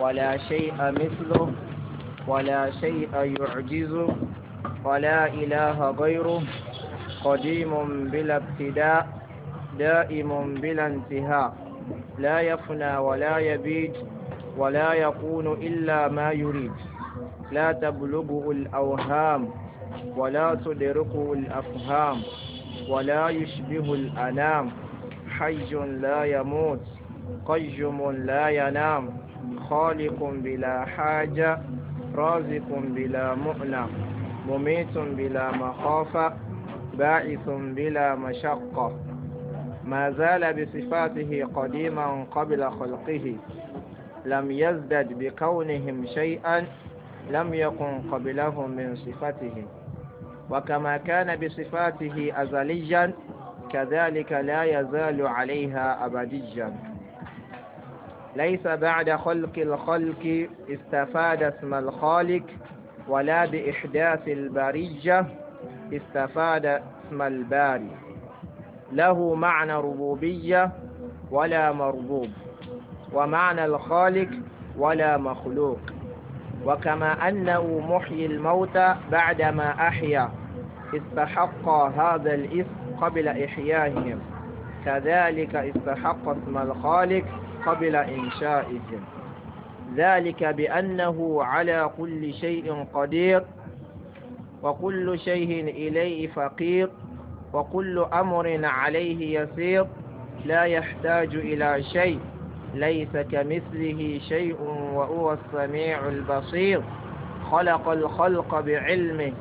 ولا شيء مثله ولا شيء يعجزه ولا إله غيره قديم بلا ابتداء دائم بلا انتهاء لا يفنى ولا يبيد ولا يكون إلا ما يريد لا تبلغه الأوهام ولا تدركه الأفهام ولا يشبه الأنام حي لا يموت قيوم لا ينام خالق بلا حاجة رازق بلا مؤنة مميت بلا مخافة باعث بلا مشقة ما زال بصفاته قديما قبل خلقه لم يزدد بكونهم شيئا لم يكن قبلهم من صفته وكما كان بصفاته أزليا كذلك لا يزال عليها أبديا ليس بعد خلق الخلق استفاد اسم الخالق ولا بإحداث البرية استفاد اسم الباري له معنى ربوبية ولا مربوب ومعنى الخالق ولا مخلوق وكما أنه محيي الموتى بعدما أحيا استحق هذا الاسم قبل إحيائهم كذلك استحق اسم الخالق قبل إنشائهم ذلك بأنه على كل شيء قدير وكل شيء إليه فقير وكل أمر عليه يسير لا يحتاج إلى شيء ليس كمثله شيء وهو السميع البصير خلق الخلق بعلمه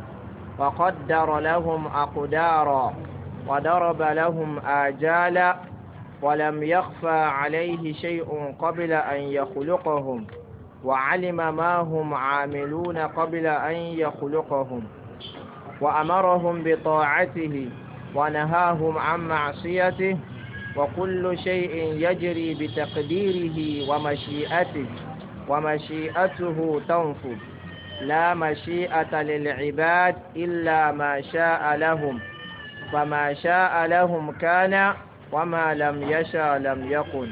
وقدر لهم أقدارا وضرب لهم آجالا ولم يخفى عليه شيء قبل أن يخلقهم وعلم ما هم عاملون قبل أن يخلقهم وأمرهم بطاعته ونهاهم عن معصيته وكل شيء يجري بتقديره ومشيئته ومشيئته تنفذ لا مشيئة للعباد إلا ما شاء لهم فما شاء لهم كان وما لم يشاء لم يكن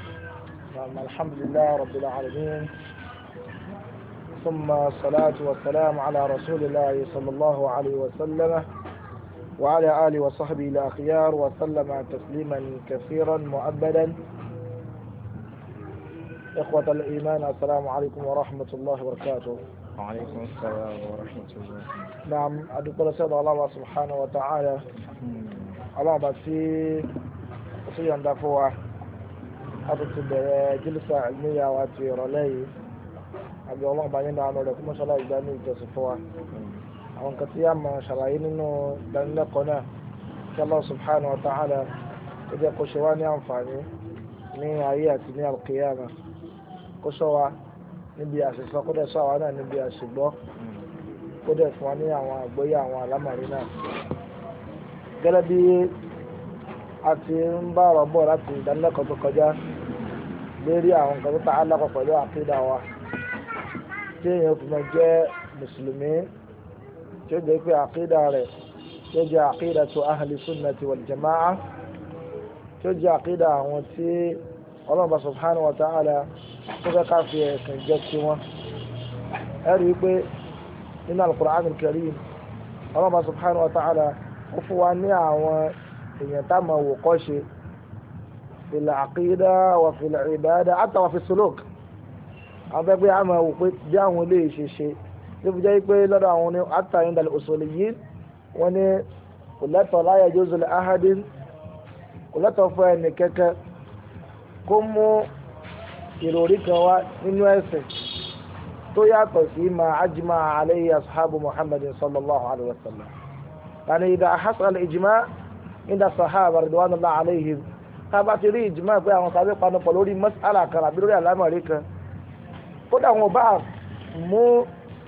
نعم، الحمد لله رب العالمين ثم الصلاة والسلام على رسول الله صلى الله عليه وسلم وعلى آله وصحبه الأخيار وسلم تسليما كثيرا مؤبدا إخوة الإيمان السلام عليكم ورحمة الله وبركاته وعليكم السلام ورحمة الله نعم أدوكولا سيدة الله سبحانه وتعالى الله باتي وصي عند فوا أدوك جلسة علمية واتي رلي àbí ọlọ́run bá nínú àánú rẹ̀ kó mọ́ṣálá ìgbà ní ìjọsìn fún wa hmm. àwọn nǹkan tí a máa ṣàlàyé nínú ìdánilẹ́kọ̀ọ́ náà kí Allah subhanahu wa ta'ala kó jẹ́ kó ṣe wá ní àǹfààní ní ayé àti ní al-qiyama kó ṣọ́ wa níbi àṣìṣe kó dẹ̀ sọ àwa náà níbi àṣìgbọ́ kó dẹ̀ fún wa ní àwọn àgbóyè àwọn àlámàrí náà gẹ́gẹ́ bí a ti ń bá ọ̀rọ̀ bọ̀ láti ìdánilẹ́kọ̀ọ́ tó kọjá lérí àwọn nǹkan tó ta alákọ̀ pẹ̀lú àkídà wa tí èèyàn fi máa jẹ́ mùsùlùmí tí ó jẹ́ pé àkídà rẹ̀ tí ó jẹ́ àkídà tó ahli sunnati wal jama'a tí ó jẹ́ àkídà àwọn tí ọlọ́run bá subhanahu wa ta'ala tó fẹ́ ká fi ẹ̀sìn jẹ́ sí wọn ẹ rí i pé nínú al-Qur'an al-Karim ọlọ́mọ subhanahu wa ta'ala ó fún wa ní àwọn èèyàn tá a máa wò kọ́ ṣe fil aqida wà fil ibada hatta wà fi suluk àwọn fẹ́ pé a wò pé bí àwọn ilé ṣe ṣe tó fi jẹ́ pé lọ́dọ̀ àwọn ní hatta inda al-usuliyyin wọ́n ní kò lẹ́tọ̀ọ́ la ahadin kò fún ẹnì kẹ́kẹ́ kó mú ìròrí kan wá nínú ẹ̀sìn tó yàtọ̀ sí ma ajima alayhi ashabu muhammadin sallallahu alayhi wa sallam yani ìdá hasal ìjìmá ìdá sahaba ridwanullah alayhim ká bá ti rí ìjìmá pé àwọn sábẹ́ panupọ̀ lórí mas'ala kan àbí lórí àlámọ̀rí kan kódà wọn bá mú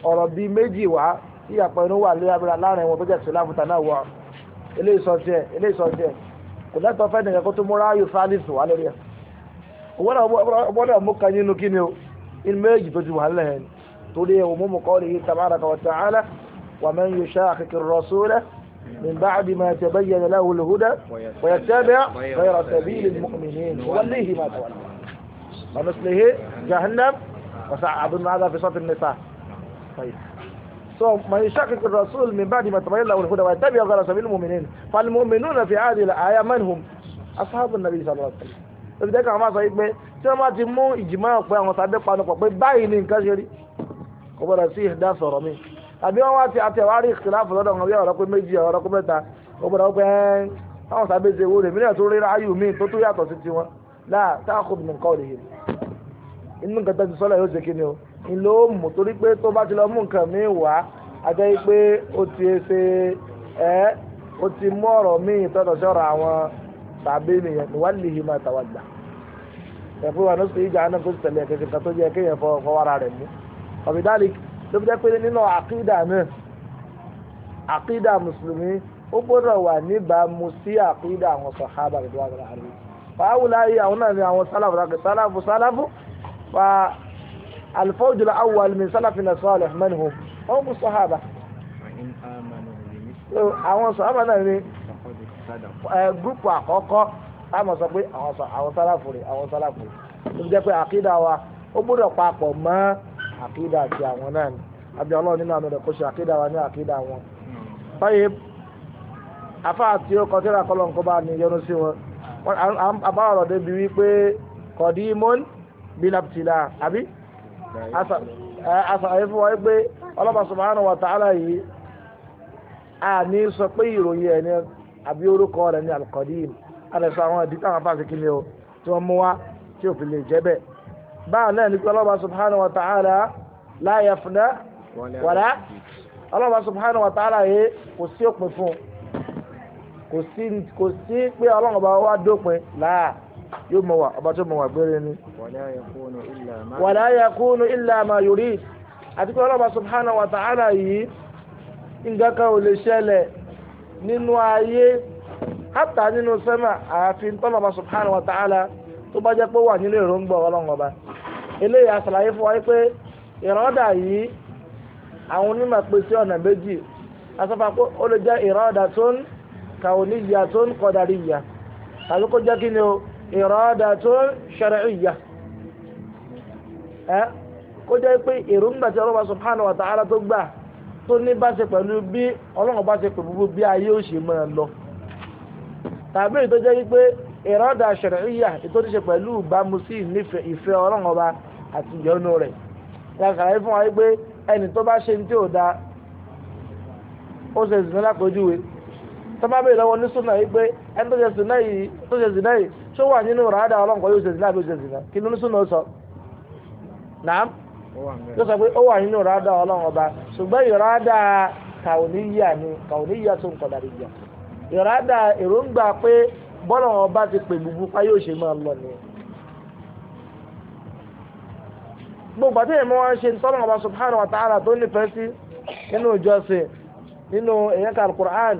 ọ̀rọ̀ bíi méjì wá tí àpọ̀ inú wà lórí abẹ́rẹ́ láàrin wọn tó jẹ́ ìṣẹ̀lá fúta náà wà eléyìí sọ tiẹ̀ eléyìí sọ tiẹ̀ kò lẹ́tọ̀ọ́ fẹ́ nìkan kó tó múra yóò sáà wọ́n náà mú kan nínú kí ni من بعد ما تبين له الهدى ويتبع غير سبيل المؤمنين وليه ما تولى ومثله جهنم وسأظن هذا في صف النساء طيب so, من يشاخك الرسول من بعد ما تبين له الهدى ويتبع غير سبيل المؤمنين فالمؤمنون في هذه الآية من هم؟ أصحاب النبي صلى الله عليه وسلم lóbi tẹ́ka àwọn máa sọ yìí pé tí wọ́n bá ti mú ìjìmọ́ ọ̀pẹ àwọn sábẹ́ panu pọ̀ pé báyìí ni nǹkan ṣe rí kò gbọ́dọ̀ sí ìdá sọ̀rọ̀ mi àbí wọ́n wá ti àti àwárí ìkìláàfù lọ́dọ̀ wọn bí ọ̀rọ̀ pé méjì ọ̀rọ̀ pé mẹ́ta kò gbọ́dọ̀ pé àwọn sábẹ́ ṣe wúre mílíọ̀nù tó rí ráyù míì tó tó yàtọ̀ sí tiwọn láà táàkùn nǹkan ò lè yẹn inú nǹkan tó ti sọ́lá yóò ṣe kí ni o ìlò mú torí pé tó bá ti lọ mú nǹkan míì wá àjẹ́ pé ó ti ṣe ẹ́ ó ti mú ọ̀rọ̀ míì tọ́tọ̀ sí ọ̀rọ̀ àwọn tàbí nìyẹn níwálihi máa tàwádà ẹ̀fọ́ wa lọ́sọ̀ ìjà náà kó tẹ̀lé ẹ̀kẹ́ kíkà tó yẹ kéèyàn fọwọ́ra rẹ̀ mú ọ̀bìdálì ló fi jẹ́ pé nínú àkídà náà àkídà mùsùlùmí ó gbọ́dọ̀ wà níbàámu sí àkídà àwọn sàhábà rẹ̀ wà láàrin fàáwù láàyè àwọn náà ni àwọn sálàfù sálàfù sálàfù fa alifọ́jú la awọ alimi sálàfù náà sọ́ọ̀lù mẹ́rin hù wọ́n kú sàhábà àwọn sàhábà náà ni ẹ gúrùpù àkọ́kọ́ a máa sọ pé àwọn sálàfù rè àwọn sálàfù rè ó fi jẹ́ pé àkídà wa ó gbọ́dọ̀ papọ̀ mọ́ àkídà àti àwọn náà ni àbí ọlọ́run nínú àmì rẹ̀ kó ṣe àkídà wa ní àkídà wọn. báyìí afáà tí ó kọtíra kọlọ̀ nǹkan bá ní yọnu sí wọn àbáwọ̀ débi wípé kọ̀dí mọ́n bíláptìlà àbí àṣàyẹ fún wa pé ọlọ́pàá subhanahu wa ta'ala yìí a sọ pé ìròyìn ẹ̀ àbí orúkọ rẹ̀ ní alqadim àlẹ́sọ àwọn ìdí táwọn afáàsì kí ni o tí wọ́n mú wá tí ò fi lè jẹ́ bẹ́ẹ̀. báà náà ní pé ọlọ́ba subhanahu wa ta'ala la yafna wala ọlọ́ba subhanahu wa ta'ala yìí kò sí òpin fún kò sí kò sí pé ọlọ́run bá dópin láà yóò mọ̀ wá ọba tó mọ̀ wá gbére ni. wala yakunu illa ma yurid àti pé ọlọ́ba subhanahu wa ta'ala yìí nǹkan kan ò lè ṣẹlẹ̀ nínú ayé hátà nínú sẹ́mà ààfin tọ́lọ́ba subhanahu wa ta'ala tó bá jẹ́ pé wà nínú èròǹgbà ọlọ́run ọba eléyìí aṣàlàyé fún wa pé ìrọ́dà yìí àwọn onímọ̀ pè sí ọ̀nà méjì asọ́fà pé ó lè jẹ́ ìrọ́dà tó ń kàwọ́níyà tó ń kọ́dàríyà tàbí kó jẹ́ kí ni o ìrọ́dà tó ń ṣẹ̀rẹ̀ìyà ẹ́ kó jẹ́ pé èròǹgbà tí ọlọ́ba subhanahu wa ta'ala tó gbà tó ní bá ṣe pẹ̀lú bí ọlọ́run bá ṣe pẹ̀lú bí ayé ó ṣe lọ tàbí èyí jẹ́ wípé ìrọ́dà ṣẹ̀rẹ̀yà ètò pẹ̀lú ìbámu sí ìfẹ́ ọlọ́run ọba àti ìyọ́nú rẹ̀ ìyàkàrà yìí fún wa wípé ẹni tó bá ṣe ní tí ò da ó ṣe zìnà lọ́wọ́ ní súnà wípé ẹni tó ṣe zìnà yìí ló sọ pé ó wà nínú ìrádà ọlọ́run ọba ṣùgbọ́n ìrádà ada ni kàwọ́níyà tó ń kọ̀ dàrí yà ìrádà èròǹgbà pé bọ́lọ̀ ọba ti pè gbogbo pa yóò ṣe máa lọ ni. gbogbo àti èèmọ̀ wọn ṣe tọ́lọ̀ ọba subhanahu wa ta'ala tó nífẹ̀ẹ́ sí nínú ìjọsìn nínú èèyàn kan alukur'an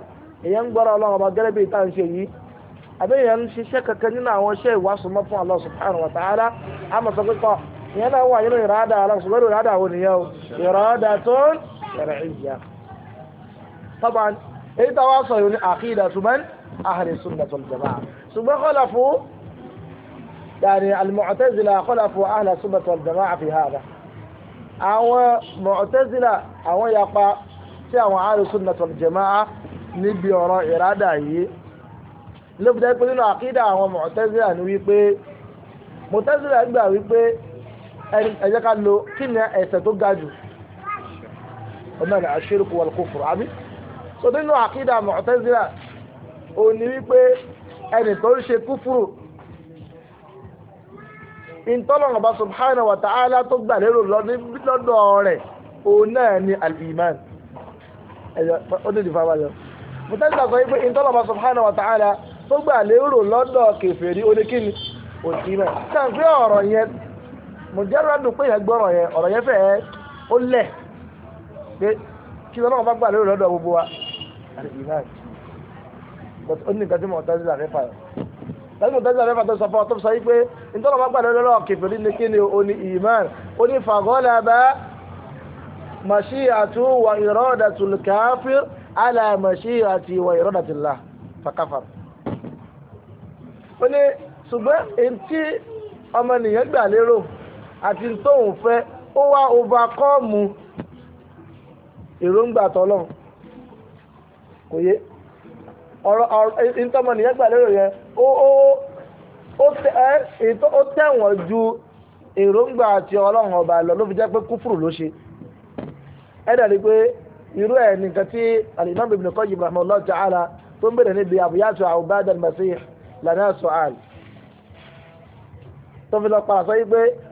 èèyàn ọlọ́run ọba gẹ́gẹ́ ń ṣe yìí àbẹ́yẹn ń ṣiṣẹ́ kankan nínú àwọn iṣẹ́ fún Allah subhanahu wa ta'ala ìyẹn náà wà nínú ìrádà ọlọ́run ṣùgbọ́n ìrádà wo nìyẹn o ìrádà tó ń ṣẹ̀rẹ̀ ìyá tọ́ba èyí táwa sọ yìí ahli sunnah wal jamaa ṣùgbọ́n khalafu yàrá al-mu'tazila khalafu ahli sunnah wal jamaa fi hàdà àwọn mu'tazila àwọn yapa tí àwọn ahli sunnah wal jamaa níbi ọ̀rọ̀ ìrádà yìí lóbi dẹ́ pé nínú àkídà àwọn mu'tazila ni wípé mu'tazila gbà wípé ẹ̀jẹ̀ ká lo kí ni ẹ̀ṣẹ̀ tó ga jù ọmọ ní aṣírùkù wal kufru àbí so nínú àkídà Mu'tazila ò ní wípé ẹni tó ń ṣe kúfùrù ìtọ́lọ́run bá subhanahu wa ta'ala tó gbà lérò lọ́dọ̀ rẹ̀ òun náà ni al-iman ẹ̀yọ ó dìde fáwọn àjọ Mu'tazila sọ wípé ìtọ́lọ́run subhanahu wa ta'ala tó gbà lérò lọ́dọ̀ kèfèrí oníkíni òtí mẹ́ mùjáràdù pé yẹn gbọ́rọ̀ yẹn ọ̀rọ̀ yẹn fẹ́ ó lẹ̀ pé kí lọ́nà bá gbà lórí lọ́dọ̀ gbogbo wa iman but ó ní nǹkan tí mo tẹ́sí là fẹ́fà yọ tẹ́sí mo tẹ́sí là fẹ́fà tó sọ fún ọ tó sọ yìí pé nítorí wọn gbà lórí lọ́dọ̀ kẹfìrí ni kí ni o ní iman ó ní fàgọ́lẹ́bà màṣíyàtú wà ìrọ́dàtú káfír àlà màṣíyàtú wà ìrọ́dàtú là fàkàfàr. ó ní ṣùgbọ́n èyí tí ọmọnìyàn gbà lérò àti tóun fẹ́ ó wá overcome èròǹgbà tọ́lọ́n kò yé ọ̀rọ̀ ọ̀rọ̀ gbà lérò yẹn ó tẹ̀wọ̀n ju èròǹgbà àti ọlọ́run ọba lọ ló fi jẹ́ pé kúfùrù ló ṣe ẹ dàbí pé irú ẹ̀ nìkan tí alimami ibn Qayyim rahimahullah ta'ala tó ń bèrè níbi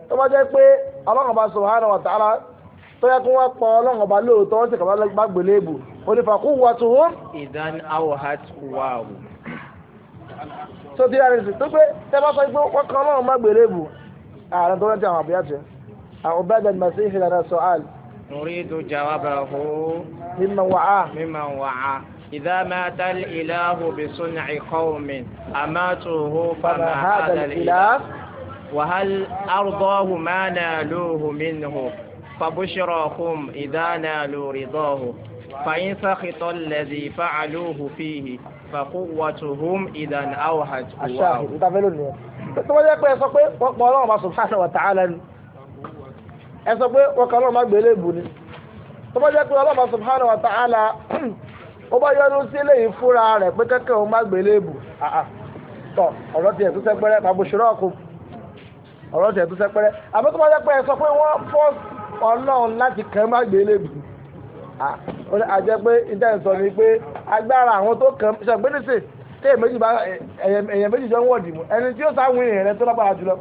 tó bá jẹ́ pé ọlọ́run ọba subhanahu wa ta'ala tó yẹ kí wọ́n pọ̀ ọlọ́run ọba lóòótọ́ wọ́n sì kàbá bá gbélé ìbò onífàkú wà tó wọ́n. ìdán awọ̀hát wà o. tó ti yára sí tó pé tẹ́ bá sọ pé wọ́n kan ọlọ́run bá ìbò ààrẹ tó rántí àwọn àbúyá tiẹ̀ àwọn bẹ́ẹ̀ dẹ̀ màsí ìhìlẹ̀ su'al. nuridu jawabahu. mimman wa'a. mimman wa'a. إذا مات الإله بصنع قوم أماته فما هذا الإله وهل أرضاه ما نالوه منه فبشراكم إذا نالوا رضاه فإن سخط الذي فعلوه فيه فقوتهم إذا أوهت الشاهد إذا فعلوني tó bá jẹ́ pé ẹ sọ pé wọ́n pọ̀ ọlọ́run bá subhanahu wa ta'ala ni ẹ sọ pé wọ́n kọ́ ọlọ́run bá gbélé bù ni tó bá jẹ́ pé ọlọ́run bá subhanahu wa ta'ala ó bá yọnu sí eléyìí fúnra rẹ̀ pé kẹ́kẹ́ òun bá gbélé bù tọ̀ ọ̀rọ̀ tiẹ̀ tó sẹ́gbẹ́rẹ́ pàbùsùrọ̀ ọkùnrin ọ̀rọ̀ tẹ̀ tó sẹ́pẹ́rẹ́ àbẹ́ tó bá sọ pé wọ́n fọ́ ọlọ́run láti kàn má gbé lébi àjẹ pé ìdáǹsọ ni pé agbára àwọn tó kàn ṣàgbé nísìn tí èèyàn méjì jọ ń wọ̀dì mú ẹni tí ó sáwọn èèyàn rẹ tó lágbára jùlọ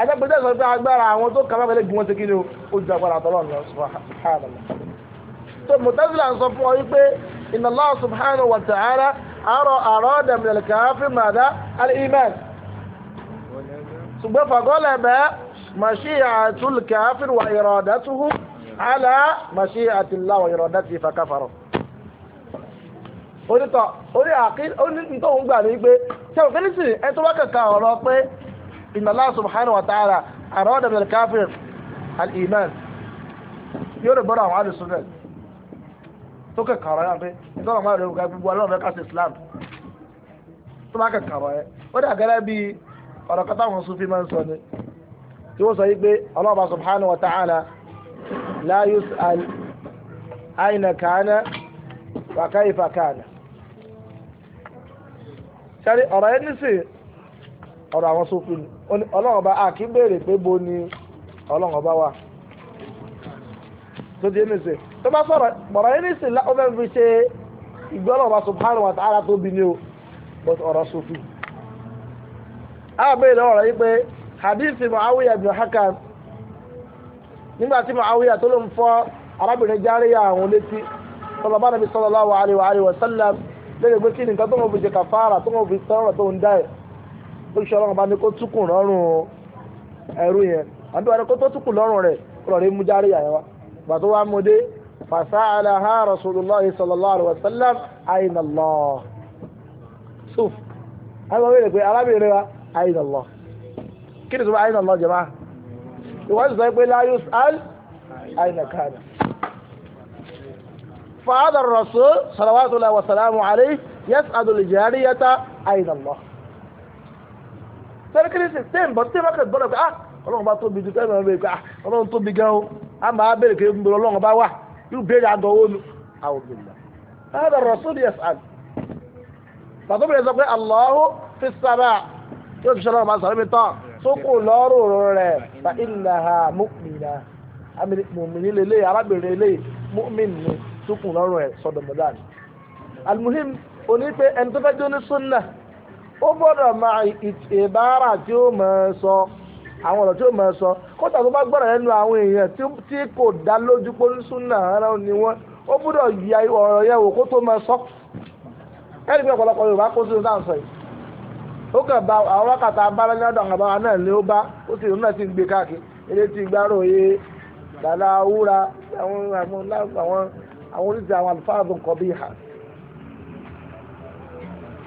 ẹjẹ pé ìdáǹsọ pé agbára àwọn tó kàn má gbé lébi wọn ti kí ni ó ju agbára tọ́lọ́run lọ sọ ṣùgbọ́n fàgọ́lẹ̀ bẹ́ mashi'atul kafir wa iradatuhu ala mashi'atillah wa iradatihi fakafara onítọ̀ orí àkí onítọ̀hún gbà ní pé sẹ́wọ̀n fẹ́lẹ́sì ẹ tó wá kàkà ọ̀rọ̀ pé inna Allah subhanahu wa ta'ala arada bil kafir al-iman yóò rẹ̀ bọ́dọ̀ àwọn àdìsùn rẹ̀ tó kàkà ọ̀rọ̀ yàn pé nítorí àwọn àdìsùn rẹ̀ gbogbo ọlọ́run ọ̀rọ̀ kátà wọn sufi máa ń sọ ni tí wọ́n sọ yí pé ọlọ́ọ̀bà subhanahu wa ta'ala la yus'al aina kana wa kaifa kana sari ọ̀rọ̀ yẹn nísìn ọ̀rọ̀ àwọn sufi ni ọlọ́ọ̀bà a kì í béèrè pé bo ni ọlọ́ọ̀bà wà tó di nísìn tó bá sọ̀rọ̀ ọ̀rọ̀ yẹn nísìn ó fi ṣe ìgbọ́lọ́ọ̀bà subhanahu wa ta'ala tó bi ni o ọ̀rọ̀ sufi ni àbẹ̀rẹ̀ lọ́wọ́ rẹ̀ wípé hadithi muawiya bin hakam nígbà tí muawiya tó ló ń fọ́ arábìnrin járíyà àwọn létí tọ́lọ́ bá nàbí sallallahu alaihi wa sallam lẹ́yìn pé kí ni nǹkan tó ń fi jẹ kàfàrà tó ń fi sọ́rọ̀ tó ń dá ẹ̀ ó ṣe ọlọ́run bá ní kó túkùn lọ́rùn ẹrú yẹn àbí wàá ní kó tó túkùn lọ́rùn rẹ̀ kúrò ní mú járíyà yẹn wá gbà tó wá mú dé fasalaha rasulullahi sallallahu alaihi wa sallam ayinallah suf àwọn ọmọ mi pé arábìnrin wa àìlọ́lọ́ kí ni sọ àìlọ́lọ́ jẹ́ máa ìwádìí sọ pé láyé sàl àìlọ́kàdà. فهذا الرسول صلوات الله وسلامه عليه يسأل الجارية أين الله tẹ́lẹ̀ kiri sèptéèm bọ̀ tí wọ́n kẹ́ pé ah ọlọ́run bá tóbi ju tẹ́lẹ̀ bẹ́ẹ̀ pé ah ọlọ́run tóbi gan o a máa béèrè kí n bọ̀ ọlọ́run bá wà yóò béèrè àgọ́ owó nu àwọn obìnrin náà. هذا الرسول يسأل. bàtọ́ bẹ̀rẹ̀ sọ pé Allahu fi sábà tí ó fi sọ́nà ọba sọ̀rọ̀ mi tán tó kù lọ́rùn rẹ̀ fa ìlàhà mọ́kùnrin mọ̀mìnì lélẹ̀ arábìnrin lélẹ̀ mọ́mìnì ni tó kù lọ́rùn rẹ̀ sọ̀dọ̀ mọ́dàn. almuhim oní pé ẹni tó fẹ́ jó ní súnà ó gbọ́dọ̀ máa ìbára tí ó máa sọ àwọn ọ̀rọ̀ tí ó máa sọ kódà tó bá gbọ́dọ̀ lẹ́nu àwọn èèyàn tí kò dá lójú pé ní súnà ara ni wọ́n ó gbọ́dọ̀ ya ọ̀rọ̀ yẹn wò kó tó máa sọ ẹni ó kàn bá àwọn wákàtà abára ní àwọn bàbá náà ni ó bá ó sì náà sì ń gbé káàkiri eré tí gbárò yé dàda wúra àwọn àwọn àwọn àwọn oríṣi àwọn àlùfáà tó ń kọ bí ìhà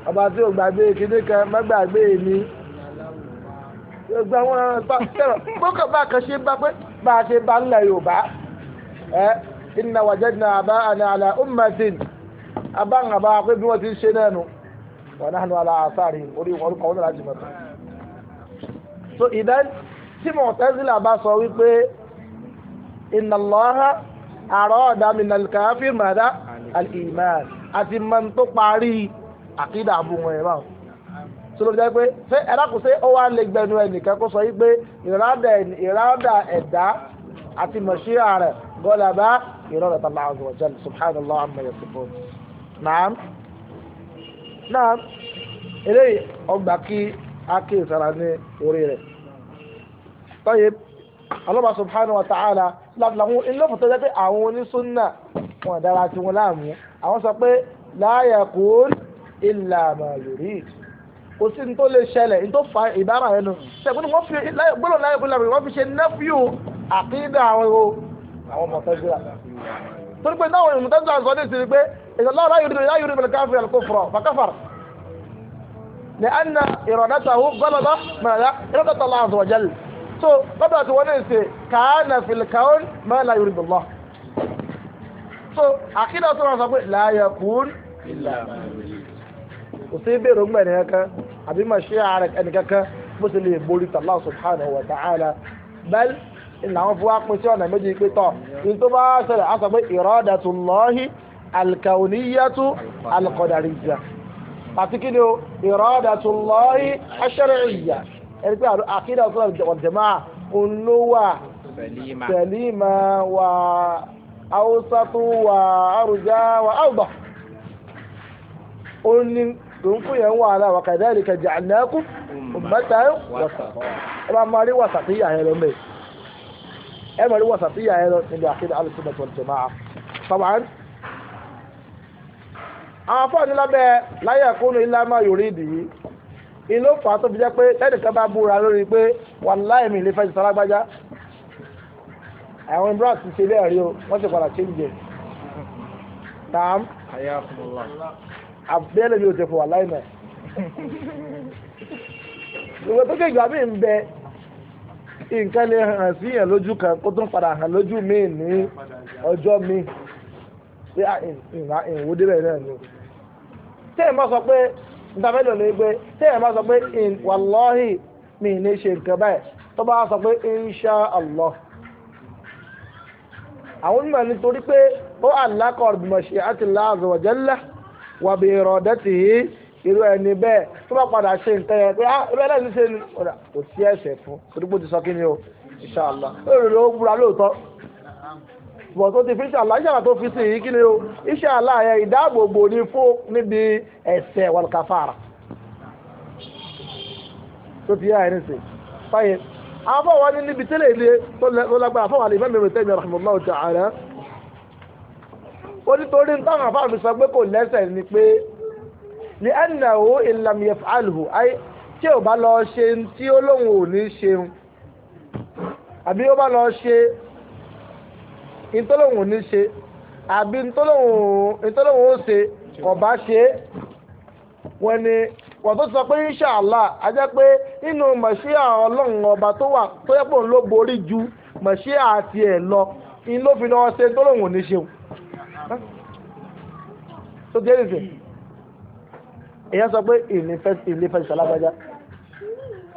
ọba tí ò gbàgbé kíndé kan mẹ́gbàgbé mi gbogbo àwọn bàtẹ́rọ̀ gbogbo bá a ṣe bá pé bá a ṣe bá ńlẹ̀ Yorùbá ẹ inna wajadna àbá àná àlà ummatin abáǹgàbá pé bí wọ́n ti ń ṣe náà nù wà náà ala àṣàrí orí orúkọ wọn láti mọ̀ tán. so ìdán tí mọ̀tẹ́sílà bá sọ wípé ìnàlọ́hà àrọ́ ọ̀dàmì nàìjíríà màdá al-iman àti mọ̀ tó parí àkídà àbúwọn ẹ̀ báwọn sọlọ́dún jẹ́ pé ṣé ẹ̀dá kò ṣe ó wá lè gbẹnu ẹnìkan kó sọ wípé ìrádà ẹ̀dá àti mọ̀ṣíà rẹ̀ gọ́lá bá tàbí àwọn ọ̀jẹ̀ subhanallah amma yasifun. naam náà eléyìí ọgbà kí akéè sára ní orí rẹ̀ tọ́yẹ alọ́ba subhanahu wa ta'ala làwọn ilé fòtọ́ jẹ́ pé àwọn onísúnnà wọn dára sí wọn láàmú àwọn sọ pé la yaqul illa ma yurid kò sí ní tó lè ṣẹlẹ̀ ní tó fa ìbára rẹ̀ nù ṣẹ̀gbọ́n ni wọ́n fi gbọ́dọ̀ láyé kó lábẹ́ wọ́n fi ṣe nẹ́fíù àkídà àwọn ọmọ tẹ́jú torí pé náà ìmú tẹ́jú àzọ́ ní ìsinmi pé ìsọ̀lọ́wọ́ láyé rírí láyé rírí pẹ̀lú káfí ẹ̀lẹ́kọ́ fọ̀rọ̀ bàkáfàr ní anna ìrọ̀dátà hù gọ́lọ́dọ́ mẹ́rẹ̀dá ìrọ̀dátà Allah azza wa so lọ́dọ̀ tí wọ́n ní ìsè kàánà fìlìkàún mẹ́rẹ̀ láyé rírí bọ̀lọ́ so àkídà tó wọn sọ pé láyé kún kò sí bẹ́ẹ̀ rògbà ẹni kankan àbí mà ṣe ààrẹ ẹni kankan bó ti lè borí tàlá subhanahu wa ta'ala bẹ́ẹ̀ làwọn fún wa pín sí ọ̀nà méjì pé tọ̀ ní tó bá ṣẹlẹ̀ á sọ pé iradatullahi alkauniyatu alqadariya àti kí ni o iradatullahi ash-shar'iyya ẹni pé àkídà ọ̀sán ọ̀jẹ̀má òun ló wà tẹ̀líma wà wà arujá wà awùbà ó ní tòun fún yẹn wà láwà kadhalika ja'alnakum ummatan wasata ẹ máa máa rí wàsàtì yà ẹ lọ́mọ ẹ mọ̀ rí wasatiyya yẹn lọ níbi àkídà al-sunnah wal jama'ah sọ̀bàn. àwọn afọ́ọ̀ni lábẹ́ la yakunu illa ma yuridi yìí ìlú fà á tó fi jẹ́ pé lẹ́nìkan bá búra lórí pé wallahi mi lè fẹ́ sọ lágbájá àwọn ìbúra ti ṣe bẹ́ẹ̀ rí o wọ́n sì mi ń bẹ nǹkan lè hàn sí yàn lójú kan kó tún padà hàn lójú míì ní ọjọ́ míì pé ah, débẹ̀ náà ni. téèyàn bá sọ pé ntàmẹ́lò ní gbé téèyàn bá sọ pé wàlọ́hì mi ní ṣe nǹkan báyìí tó bá sọ pé insha allah. àwọn onímọ̀ nítorí pé ó àlákọ̀ọ́ àti láàzọ̀ wàbí ìrọ̀dẹ́tì yìí. irú ẹni bẹ́ẹ̀ tó bá padà ṣe nǹkan yẹn pé ah irú ẹlẹ́ni ṣe ni ọ̀dà kò sí ẹ̀ṣẹ̀ fún torípò ti sọ kí ni o inshallah lórí ló búra lóòótọ́ bọ̀ tó ti fi inshallah inshallah tó fi sí yìí kí ni o inshallah yẹn ìdáàbòbò ni fún níbi ẹ̀ṣẹ̀ wal kafara tó ti yá ẹni sè fáyé àwọn ní níbi tẹ́lẹ̀ ilé tó lágbára fọwọ́ àlè mẹ́mẹ́rin mi lè ẹnà ó ìlànà ìfàlù ayé tí ò bá lọ ṣe tí ó lóun ò ní ṣeun àbí ó bá lọ ṣe ìtọ́lóhùn ò ní ṣe àbí ìtọ́lóhùn ó ṣe kò bá ṣe é wọ́n ní wọ́n tó sọ pé inṣàlá a pé nínú mọ̀ṣíà ọlọ́run ọba tó wà tó yẹ pé òun ló borí ju mọ̀ṣíà àti ẹ̀ lọ in ló fi lọ́wọ́ ṣe tó ò ní ṣeun èèyàn sọ pé ìlé fẹ́ ìṣàlágbájá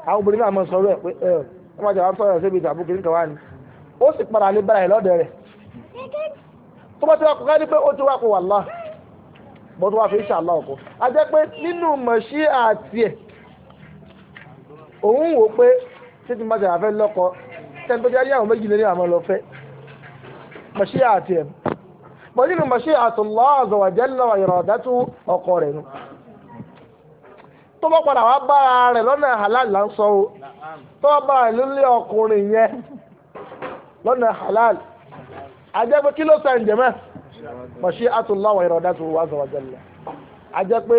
àwọn obìnrin náà mọ̀ sọ̀rọ̀ ẹ̀ pé ẹ̀ wọ́n máa jàwá sọ̀rọ̀ síbi ìtàbù kìíní kan ni ó sì padà lé bára ẹ̀ lọ́dẹ rẹ̀ tó bá ti wá kó ká ní pé ó ti wá kó wà lá bó tó wá fi ṣàlá ọkọ a jẹ́ pé nínú mọ̀ṣí àti ẹ̀ òun wò pé ṣé ti máa jàfẹ́ lọ́kọ tẹ́ni tó jẹ́ ayé àwọn méjì lé ní àmọ́ lọ fẹ́ mọ̀ṣí àti ẹ̀ tó bá padà wá bára rẹ̀ lọ́nà halal là ń sọ o tó bá bára rẹ̀ nílé ọkùnrin yẹn lọ́nà halal àjẹ́ pé kí ló sọ ǹjẹ́ mẹ́ mashi'atullah wa iradatuhu azza wa jalla àjẹ́ pé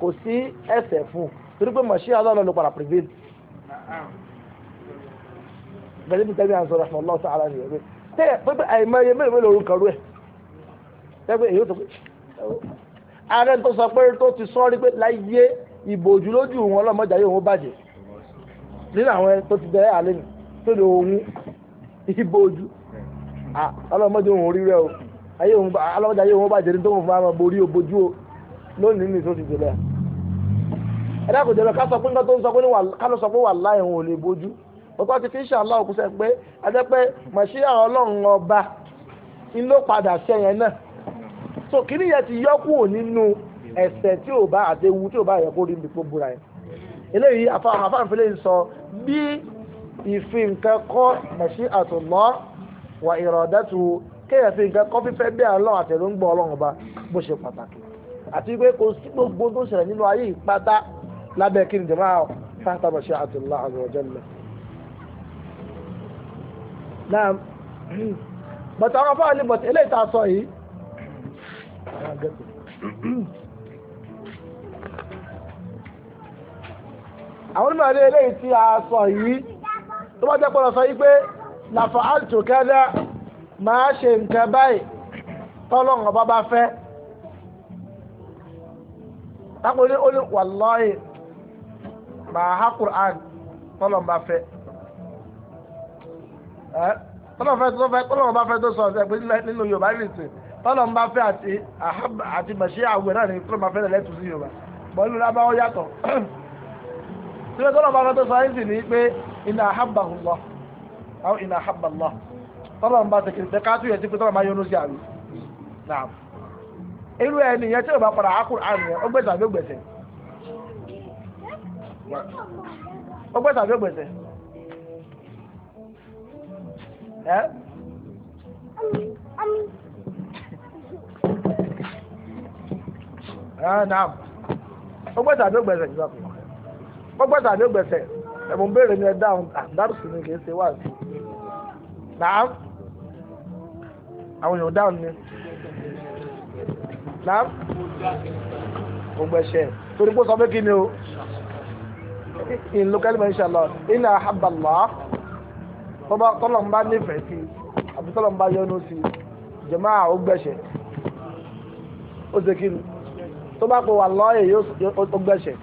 kò sí ẹsẹ̀ fún torí pé mashi'atullah ló padà prevail. gẹ̀dẹ́ bí tẹ́lẹ̀ àǹsọ̀rọ̀ àfọ̀ lọ́sọ̀ ara rẹ̀ rẹ̀ tẹ́ pẹ́pẹ́ àìmọye mélòó mélòó orúkọ rú tẹ́ pé èyí ó tó pé ààrẹ tó sọ pé tó ti sọ́ọ́rí pé láyé ìbòjú lójú wọn ọlọ́mọdé ayé òun bàjẹ́ nínú àwọn ẹni tó ti bẹ̀rẹ̀ àlẹ́ nì tó lè òun ìbòjú ọlọ́mọdé òun rí rẹ o ayé òun ọlọ́mọdé ayé òun bàjẹ́ ní tó ń fa ọmọ borí obojú o lónìí nì tó ti dè lẹ́yà ẹ dákun jẹ́ lọ ká sọ pé nǹkan tó ń sọ pé kálọ́ sọ pé wàláhì òun ò lè bojú ọkọ ti fi ń ṣàlọ́ òkú sẹ́ pé ajẹ́ pé mọ̀ṣíà ọlọ́run ọba ń ló padà sẹ́yìn náà so kìnìyẹn ti ẹ̀ṣẹ̀ tí ò bá àti ewu tí ò bá yẹ kó rí nípò búra ẹ̀ eléyìí àfahàn afáàfilẹ̀ ń sọ bí ìfi nǹkan kọ́ mẹ̀sí àtùlọ́ wà ìrọ̀dẹ́tù kéèyàn fi nǹkan kọ́ fífẹ́ bí àlọ́ àtẹ̀ló ń gbọ́ ọlọ́run ọba bó ṣe pàtàkì àti pé kò sí gbogbo tó ṣẹlẹ̀ nínú ayé ìpátá lábẹ́ kí ni jẹ̀má fáta mẹ̀sí àtùlọ́ azza wa jalla. náà bàtà àwọn afáàlì bọ̀tẹ̀ eléyìí tá a sọ yìí. àwọn onímọ̀ ilé eléyìí tí a sọ yìí tó bá jẹ́ pọ́nlọ sọ yìí pé làfà àlùtò kẹ́dá máa ṣe nǹkan báyìí tọ́lọ́run ọba bá fẹ́ tako ní ó máa ha Qur'an tọ́lọ́run bá fẹ́ tọ́lọ́run fẹ́ tó fẹ́ tọ́lọ́run bá fẹ́ tó sọ ọ̀sẹ̀ pé nínú Yorùbá nìsín tọ́lọ́run bá fẹ́ àti àti màṣẹ́ àwẹ̀ ní tọ́lọ́run bá fẹ́ lẹ́tù sí Yorùbá bọ́ọ̀lù lábáwọ́ yàtọ̀ síbẹ̀ tó lọ́ba tó sọ ẹ́ńsì ni pé iná àhábà àwọn iná àhábà tọ́lọ̀ ń bá ṣe kìrìtẹ́ káàtó yẹn ti pé tọ́lọ̀ máa yọnu sí àmì náà irú ẹ nìyẹn tí yorùbá gbọ́gbọ́dà ní ògbẹ̀sẹ̀ ẹ̀bùn béèrè ni ẹ dáhùn àdárùsù ni kìí ṣe wá sí i náà àwọn èèyàn dáhùn ni náà ògbẹ̀sẹ̀ torí pé sọ pé kí ni o in local mention lọ ilẹ̀ ahabalá tọ́ba tọ́lọ́n bá nífẹ̀ẹ́ sí àbí tọ́lọ́n bá yọnu sí jẹ̀mọ́ àwọn ògbẹ̀sẹ̀ ó ṣe kí ni tó bá pọ̀ wà lọ́ọ̀yẹ̀ yóò gbẹ̀sẹ̀.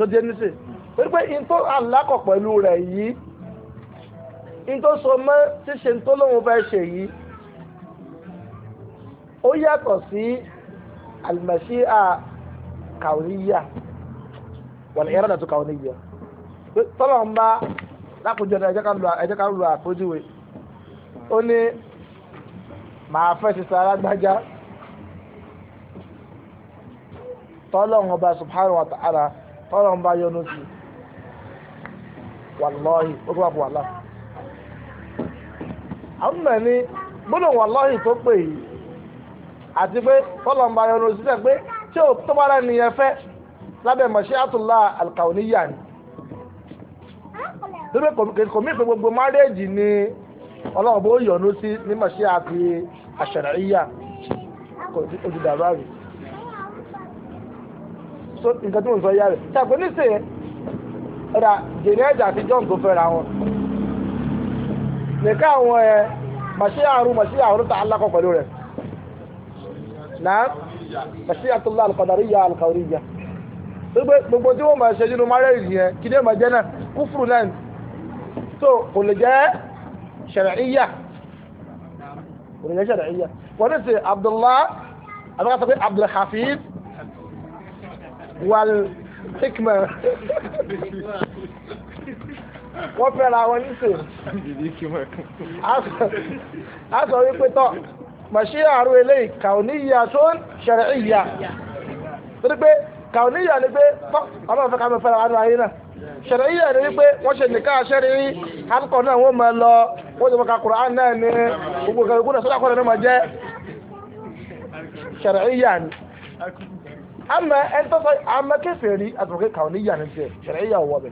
tó dé nísìn torí pé in tó alákọ̀ pẹ̀lú rẹ̀ yìí in tó so mọ́ ṣíṣe tó lóun fẹ́ ṣe yìí ó yàtọ̀ sí àlùmọ̀ṣíà kàwéyà wàlẹ̀ ẹ̀rọ dàtú kàwéyà tọ́lọ̀ ń bá lákòjọ náà ẹ̀jẹ̀ ká lu àpèjúwe ó ní màá fẹ́ ṣe sara gbájá tọ́lọ̀ ń bá subhanahu wa ta'ala. tọ́lọ̀ mba bá yọnu sí wàlọ́hì ó tó wà wàlá. àwọn mẹ̀ gbọ́dọ̀ wàlọ́hì tó pè yìí àti pé tọ́lọ̀ bá yọnu sí pé tí ò tó bára nìyẹn fẹ́ lábẹ́ mashi'atullah al ni. lórí kòmí pé gbogbo márẹ́ẹ̀jì ni ọlọ́run bó yọnu sí ní nǹkan tí mo sọ yá rẹ̀ ṣàpè nísìnyí ọ̀dà jẹ̀nẹ́jà àti john tó fẹ́ra wọn nìkan àwọn ẹ̀ màṣíyà àrùn màṣíyà àrùn tà alákọ̀ pẹ̀lú rẹ̀ náà màṣíyà tó lọ àlùkọ̀dàrí yà àlùkọ̀rí yà gbogbo tí wọ́n máa ṣe nínú márẹ́rì yẹn kí ni ẹ̀ máa jẹ́ náà kúfùrù náà so kò lè jẹ́ ṣẹ̀rẹ̀íyà kò lè jẹ́ ṣẹ̀rẹ̀íyà wọ́n ní sè Abdullah àbúkà wàlíkìmọ̀ wọ́n fẹ́ra wọn nísìnyí. a sọ wípé tọ́ màṣí àrùn eléyìí kàóníyà tó ń ṣẹ̀rẹ̀ ìyà torí pé kàóníyà ni pé ọlọ́run fẹ́ ká mọ̀ fẹ́ra wọn ayé náà ṣẹ̀rẹ̀ ìyà ni wípé wọ́n ṣe nìkan àṣẹ́rí alukọ̀ náà ama ẹntọsọ ama kèfèrí àtọkẹ kàwọn níyà ní tiẹ̀ ṣẹlẹ̀ ìyà wọ bẹ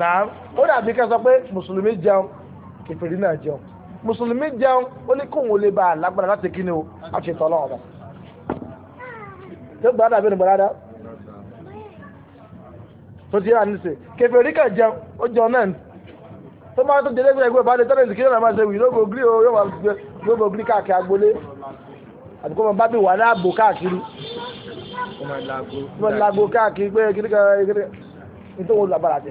náà ó dàbí ká sọ pé mùsùlùmí jẹun kèfèrí náà jẹun mùsùlùmí jẹun ó ní kóun ò lè bá a lágbára láti kí ni o àti ìtọ́ ọlọ́run ọba tó gbà dàbí ni gbàdá tó ti yà ní sè kèfèrí kà jẹun ó jẹun náà tó máa tó délé gbẹgbẹ bá a lè tẹ́lẹ̀ ìsìnkú yóò máa ṣe wì lógo gírí o yóò máa gbé lógo gírí káàkiri agbolé. àdúgbò máa bá bí wà láàbò káàkiri wọ́n lágbo káàkiri pé kiri kiri nítorí wọn làbára jẹ.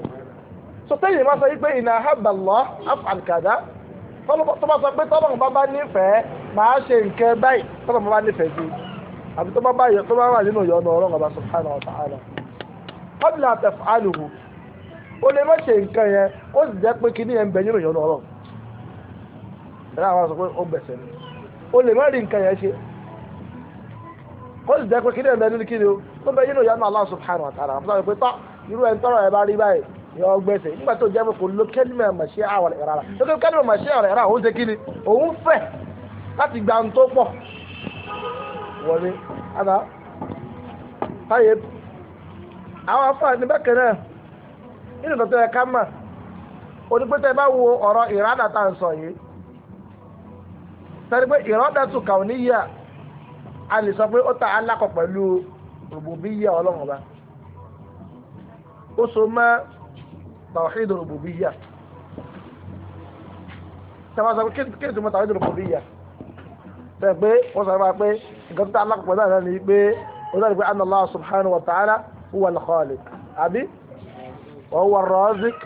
sọ tẹ́yìn máa sọ pé ìnà àbàlọ́ àfàǹkàdá tó sọ pé tọ́lọ̀ bá bá nífẹ̀ẹ́ máa ṣe báyìí bá nífẹ̀ẹ́ sí àbí bá wà nínú lè má ṣe nǹkan yẹn ó sì jẹ́ pé kíní yẹn ń bẹ nínú àwọn sọ pé ni kó sì jẹ́ pé kíni ẹ̀mẹ́ nínú kíni o tó bẹ yín òyànà Allah subhanahu wa ta'ala àfúnṣe àwọn pé tọ́ irú ẹ̀ ń tọrọ ẹ̀ bá rí báyìí yọ gbèsè nígbà tó jẹ́ pé kò ló kẹ́límẹ̀ màṣí àwọn ẹ̀rọ rà lókè kẹ́límẹ̀ màṣí àwọn ẹ̀rọ òun ṣe kíni òun fẹ́ láti gba ohun tó pọ̀ wọlé àná táyé àwọn afáàní bẹ́ẹ̀ kẹ́rẹ́ nínú tọ́tọ́ ẹ̀ ká mà onípẹ́tẹ́ bá wo ọ̀rọ̀ ìrádà ń sọ yìí tẹ́lẹ̀ pé ìrádà tù níyà a lè sọ pé ó ta alákọ̀ pẹ̀lú rògbòbíyà ọlọ́run ọba ó so mọ́ tàwáhídò rògbòbíyà sábà sọ pé kí ni tó mọ́ tàwáhídò rògbòbíyà bẹ́ẹ̀ pé wọ́n sọ pé nǹkan tó ta alákọ̀ pẹ̀lú àná ni pé ó dára pé anna subhanahu wa ta'ala huwa al-khaliq àbí wa huwa ar-raziq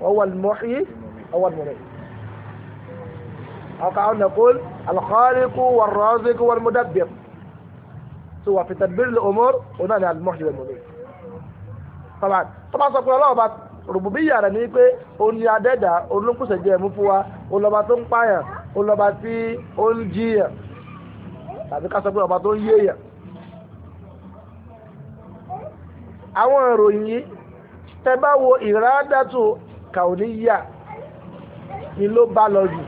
wa huwa al-muhyi wa huwa al-mumit أو نقول الخالق والرازق والمدبر so wà fi tadbir al-umur òun náà ni al-muhyi wal-mumeet tọ́ba tọ́ba sọ pé ọlọ́wọ́ bá rùbùbíyà rẹ̀ ni pé òun ni adẹ́dà olókùsẹ̀ jẹ́ ẹ̀mú fún wa olọba tó ń pààyàn olọba tí ó ń jiyàn tàbí ká sọ pé ọba tó ń yéèyàn. àwọn ìròyìn yìí tẹ bá wo ìrádàtò kàwéníyà ni ló bá lọ jù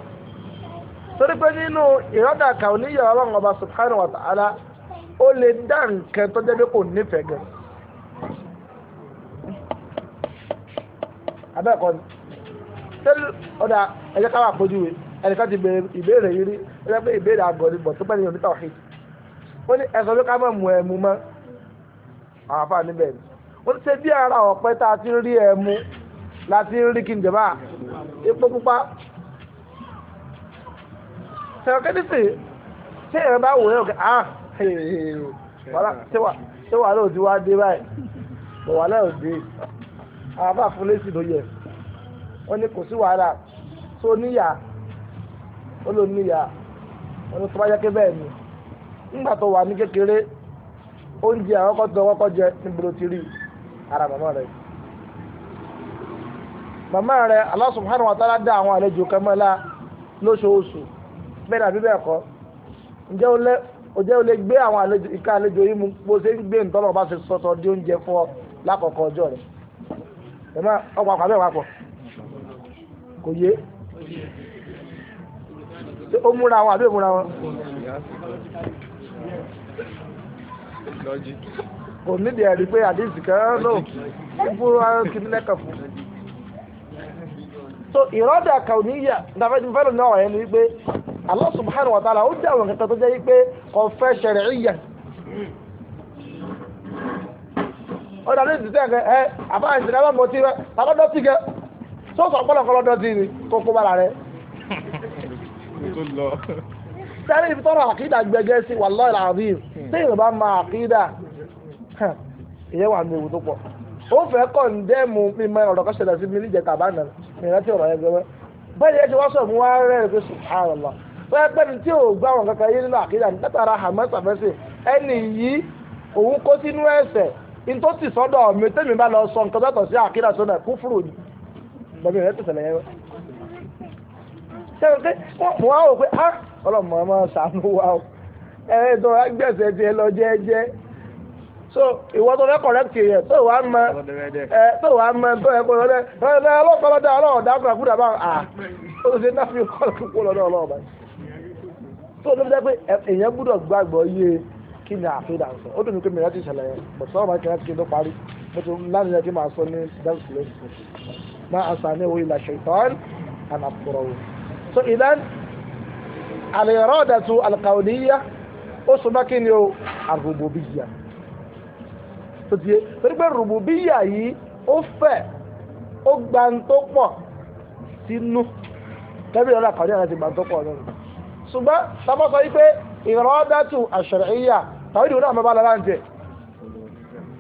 torí pé nínú ìrádà kàwéníyà ọlọ́run ọba subhanahu wa ta'ala ó lè dá nǹkan tó jẹ́ pé kò nífẹ̀ẹ́ gan. abẹ́ẹ̀kọ́ ni tẹ́lẹ̀ ọ̀dà ẹ̀jẹ̀ ká wà pójúwe ẹnìkan ti bèrè ìbéèrè yìí rí ó pé ìbéèrè àgọ́ ni bọ̀ tó pẹ́ nìyẹn níta ọ̀hìn ó ní ẹ̀sọ́ ló ká mọ̀ mú ẹmu mọ́ àwọn afáà níbẹ̀ ni ó ti ṣe bí ara ọ̀pẹ tá a ti ń rí ẹmu la ti ń rí kí n jẹ̀bá epo pupa sẹ̀rọ̀kẹ́tìsì ṣé ìrìn bá wò ó yẹ kí ah ṣé wàá lóò ti wá dé báyìí kò wàá lóò dé àwọn fún lẹ́sìn ló yẹ wọ́n ní kò sí wàhálà tó níyà ó ló níyà wọ́n ní bẹ́ẹ̀ ni nígbà tó wà ní kékeré oúnjẹ tó kọ́kọ́ jẹ ti rí ara màmá rẹ̀ màmá rẹ̀ dá àwọn àlejò kẹmọ́lá lóṣooṣù bẹ́ẹ̀ ni àbí bẹ́ẹ̀ kọ́ ǹjẹ́ ó ó jẹ́ o lè gbé àwọn àlejò ìka àlejò yìí mú bó ṣe ń gbé nǹkan náà bá ṣe sọ̀tọ̀ di oúnjẹ fún ọ lákọ̀ọ́kọ́ ọjọ́ rẹ̀ ẹ̀ máa ọkọ̀ àpàbẹ̀ wà pọ̀ kò yé ó múra wọn àbí òmúra wọn. kò nídìí ẹ̀rí pé àdéhùn kan ló fúnra kìíní lẹ́kàn fún. so ìrọ́dà kàwé níyà nàfẹ́jú fẹ́lẹ̀ náà wà yẹn ni wípé Allah subhanahu wa ta'ala ó jẹ́ àwọn nǹkan tó jẹ́ wípé kò fẹ́ ṣẹ̀rẹ̀íyà ó dàbí ìdíjẹ́ àbáyé tí rẹ bàbá dọ́tí gẹ tó sọ ibi tọ́rọ àkídà gbẹgẹ́ sí tí ìlú bá máa àkídà ìyẹn wà ní ewu tó pọ̀ ó fẹ́ kọ́ ń wọ́n pẹ́ ní tí ò gbá wọn kankan yé nínú àkídà látara àmọ́sàmẹ́sì ẹni yìí òun kó sínú ẹ̀ṣẹ̀ ní ti sọ́dọ̀ mi tẹ́mi bá lọ sọ nǹkan tọ́tọ̀ sí àkídà sọ́dọ̀ kúfúrú ni bàbá rẹ̀ yẹn sẹ́wọ́n pé wá wò pé ah! á wa o ẹ̀rẹ́ tó wá so ìwọ tó fẹ́ yẹ tó wà mọ ẹ tó wà tó ló fi jẹ́ pé èèyàn gbúdọ̀ gbàgbọ́ yé kí ni àfihàn àǹsọ ó dùn ní pé mìíràn ti ṣẹlẹ̀ yẹn bọ̀ sọ́wọ́n máa kẹ́rẹ́ kí ló parí mo ti lánàá yẹn kí máa sọ ní dẹ́sù lẹ́sù máa àṣà ní owó ilà ṣètọ́n àná kúrọ̀wò. so ìdán àlèyàrá ọ̀dàtú alkaoniya ó sọ bá kí ni o àrùbùbíyà tó ti yé torí pé rùbùbíyà yìí ó fẹ̀ ó gbantó pọ̀ sínú tẹ́bí ọ̀dà kàwé náà ti pọ̀ lọ́nà ṣùgbọ́n sábà sọ wípé ìrọ́dàtù àṣẹ̀rẹ̀yà tàwídìí wọn náà máa bá lára ń jẹ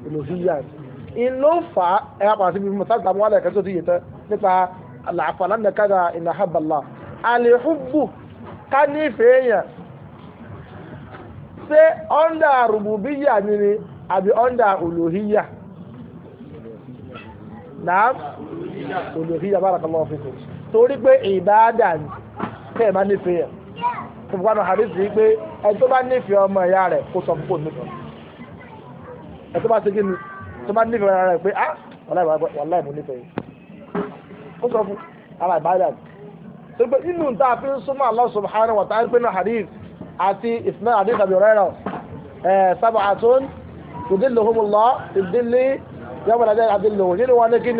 ìlòsíyà in ló fà á ẹ á pàṣẹ bíi mọ̀tàkì àwọn alẹ́ kẹ́tọ́ ti yẹ tán nípa àlàáfà lánàkàdà ìnàhábàlá àlèhùbù ká nífẹ̀ẹ́ yẹn ṣé olùhíyà náà olùhíyà bárakàlọ́ fíkù torí pé ìbáadà ni kẹ́ ẹ̀ nífẹ̀ẹ́ tó fi wánú hadith yìí pé ẹni tó bá nífẹ̀ẹ́ ọmọ ìyá rẹ̀ kó sọ fún nífẹ̀ẹ́ ẹni tó bá ṣe kí ni tó bá nífẹ̀ẹ́ ọmọ rẹ̀ pé ah wàláì mo nífẹ̀ẹ́ kó sọ fún ara ìbáyà tó pé inú ta fi ń súnmọ́ Allah subhanahu wa ta'ala pé náà hadith àti ìsinmi hadith àbí ọ̀rẹ́ rẹ̀ ẹ̀ sábà àtún ìdílòhùnmùlọ́ ìdílé yọ́mọ̀lá jẹ́ àdílòhùn ní kí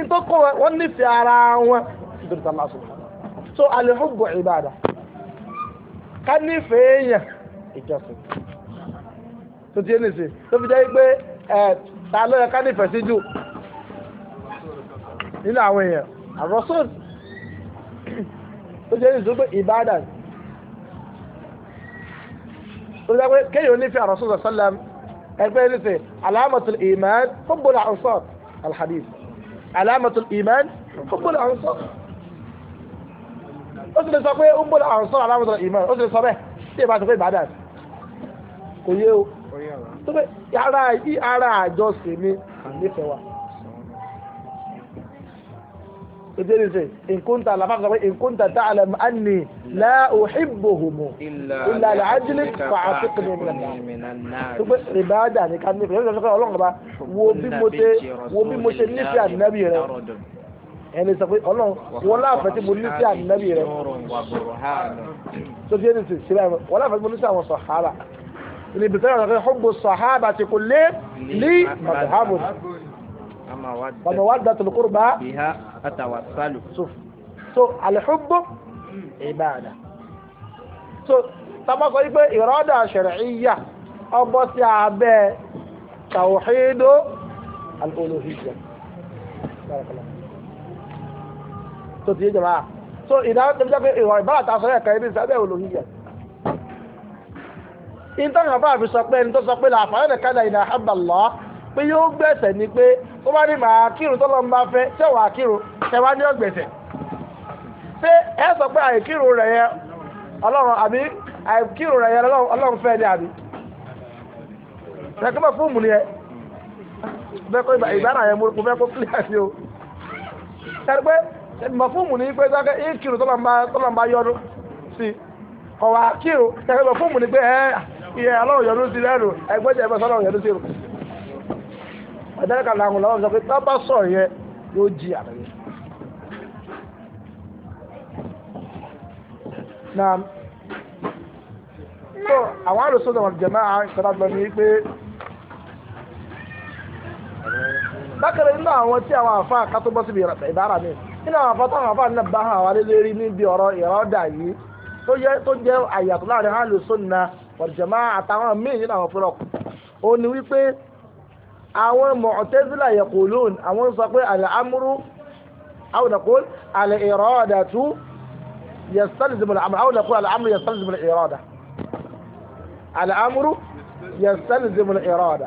ìtọ́kọ̀ wọn nífẹ̀ẹ́ ara wọn ìdúró tàbí àṣọ so alihubbu ibada ká nífẹ̀ẹ́ èèyàn ìjọsìn tó ti ẹni sí tó fi jẹ́ pé ẹ̀ ta ló yẹ ká nífẹ̀ẹ́ sí jù nínú àwọn èèyàn àrọ́sùn tó ti ẹni sí pé ibada tó jẹ́ pé kéèyàn nífẹ̀ẹ́ àrọ́sùn sọ̀sọ́lẹ̀m ẹgbẹ́ ẹni sí alamatul iman hubbul ansar alhadith alamatul iman hubbul ansar ó sì lè sọ pé hubbul ansar alamatul iman ó sì lè sọ bẹ́ẹ̀ tí ìbá sọ pé ìbàdàn kò yé o tó kìtẹ́ ní sè nkúntà làfàkà pé nkúntà tá àlẹ́ mu ànì láò xibbohumu ilà àjẹlẹ fàásìkì ní ìlànà tó pé ìbáàdà ní kàmí ìfẹ́ ìfẹ́ ìfẹ́ ọlọ́run bá wo bí mo ṣe wo bí mo ṣe nífẹ̀ẹ́ ànábì rẹ ẹni sọ pé ọlọ́run wọn láàfẹ́ tí mo nífẹ̀ẹ́ ànábì rẹ tó tiẹ́ ní sè sílẹ̀ wọn láàfẹ́ tí mo nífẹ̀ẹ́ àwọn sàhábà ìbìtẹ́ ọ̀rọ̀ kẹ́ ومودة القربى بها أتوسل شوف so alihubbu ibada so tọ́mọ́ sọ wípé ìrọ́dà ṣẹ̀rẹ̀íyà ọgbọ́ sí abẹ́ tàwọ̀hídó al'olóhíyà tó ti yé jẹ̀má so ìdáwọ́ tó jẹ́ pé ìwọ̀n ìbára ta sọ ẹ̀kẹ́ ibi ìsábẹ́ olóhíyà ìtọ́nà bá fi sọ pé ní tó sọ pé làfààní kádà ìdá àbàlọ́ pé yóò gbẹ̀sẹ̀ ni pé ó bá ní màá kírun tó lọ́n bá fẹ́ kírun ní ẹ sọ pé àìkírun rẹ̀ yẹn ọlọ́run àbí àìkírun rẹ̀ yẹn ọlọ́run fẹ́ ni àbí ṣèkúmọ̀ fún òmùnì yẹn bẹ́ẹ̀ kọ́ ìbára yẹn mo fẹ́ kó o pé mọ̀ fún pé sọ́kẹ́ ìkírun tó bá yọdún sí kírun mọ̀ fún pé ẹ ìyẹn ọlọ́run yọdún sí ẹgbẹ́ ẹ̀dẹ́rẹ́ka làwọn làwọn sọ pé tá bá sọ̀rọ̀ yẹ yóò jí àrẹ yẹ. na so àwọn àlùsọ náà wọn jẹmọ àwọn ìkọlá lọ ní pé bákan nínú àwọn tí àwọn àfa àkàtúbọ síbi ìbára mi nínú àwọn àfa táwọn àfa náà bá hàn àwọn alẹ́ rí níbi ọ̀rọ̀ ìrọ́dà yìí tó jẹ́ tó jẹ́ àyàtọ̀ láàrin àlùsọ náà wọn jẹmọ àtàwọn míì nínú àwọn fúlọ̀kù ó ní wípé àwọn mọ̀tẹ́sílà yaqulun àwọn sọ pé al-amru aw naqul al-iradatu yastalzimu al-amru aw naqul al-amru yastalzimu al-irada al-amru yastalzimu al-irada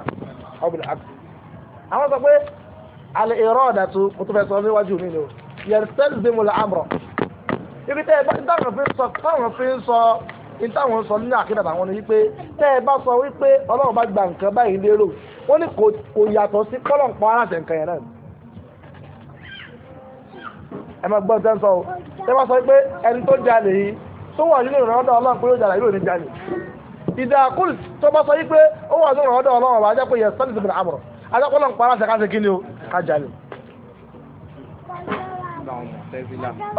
aw bil-aks àwọn sọ pé al-iradatu mo tún fẹ́ sọ níwájú mi ni o yastalzimu al-amru ibi tẹ́ ẹ bá táwọn fi ń sọ táwọn fi ń sọ wọ́n ní kò yàtọ̀ sí kọ́lọ̀ nǹkan aláṣẹ nǹkan yẹn náà ẹ máa gbọ́n o ṣé wọ́n sọ pé ẹni tó jalè yìí tó wà nínú ìrànlọ́dọ̀ ọlọ́run pé ó jalè yìí ní jalè ìdá kúl tó bá sọ yìí pé ó wà nínú ìrànlọ́dọ̀ ọlọ́run ọba ajá pé yẹ sọ́ọ̀lì síbi àmọ̀rọ̀ aláṣẹ ká ṣe kí ni o ká jalè.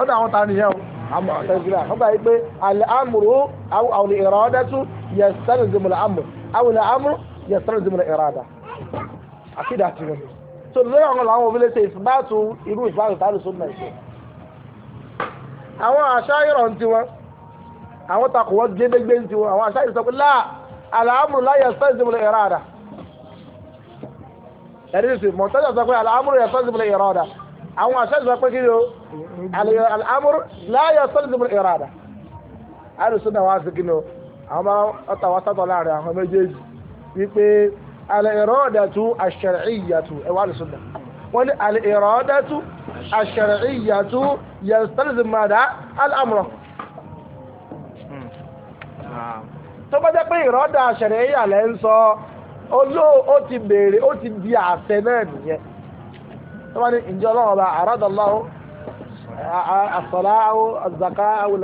ọ̀dọ̀ àwọn ta nìyẹn o àmọ̀ àwọn yẹ àkídà tirẹ̀ mi so lórí àwọn làwọn òbí lè ṣe ìfúnbáàtú irú ìfúnbáàtú tá a lè so náà ṣe. àwọn àṣàyọ̀rọ̀ ń tiwọn àwọn takò wọn gédégbé ń tiwọn àwọn àṣàyọ̀rọ̀ sọ pé láà àlàámù láyà sẹ́ǹsìmùlẹ̀ ẹ̀rọ àdà ẹ̀rí sì mọ̀tẹ́jà sọ pé àlàámù láyà sẹ́ǹsìmùlẹ̀ ẹ̀rọ àdà àwọn àṣàyọ̀rọ̀ sọ pé kí ni o àlàámù láyà sẹ́ǹsìmùlẹ̀ ẹ̀rọ àdà àrùsùn náà wá sí kí ni o àwọn ọ̀tà wá sátọ̀ láàrin àwọn méjèèjì wípé alìrọ́dàtú àṣàríyàtú ẹwà àlùsùnà wọ́n ní alìrọ́dàtú àṣàríyàtú yẹ̀sítẹ́lìsìmọ̀dá al'amùrọ̀ tó bá jẹ́ pé ìrọ́dà àṣàríyà lẹ́ ń sọ ó ti bèèrè ó ti di àṣẹ náà nìyẹn tó bá ní ìjọ ọlọ́run bá àrádọ́láhùn àṣọláhùn àzàkáhùn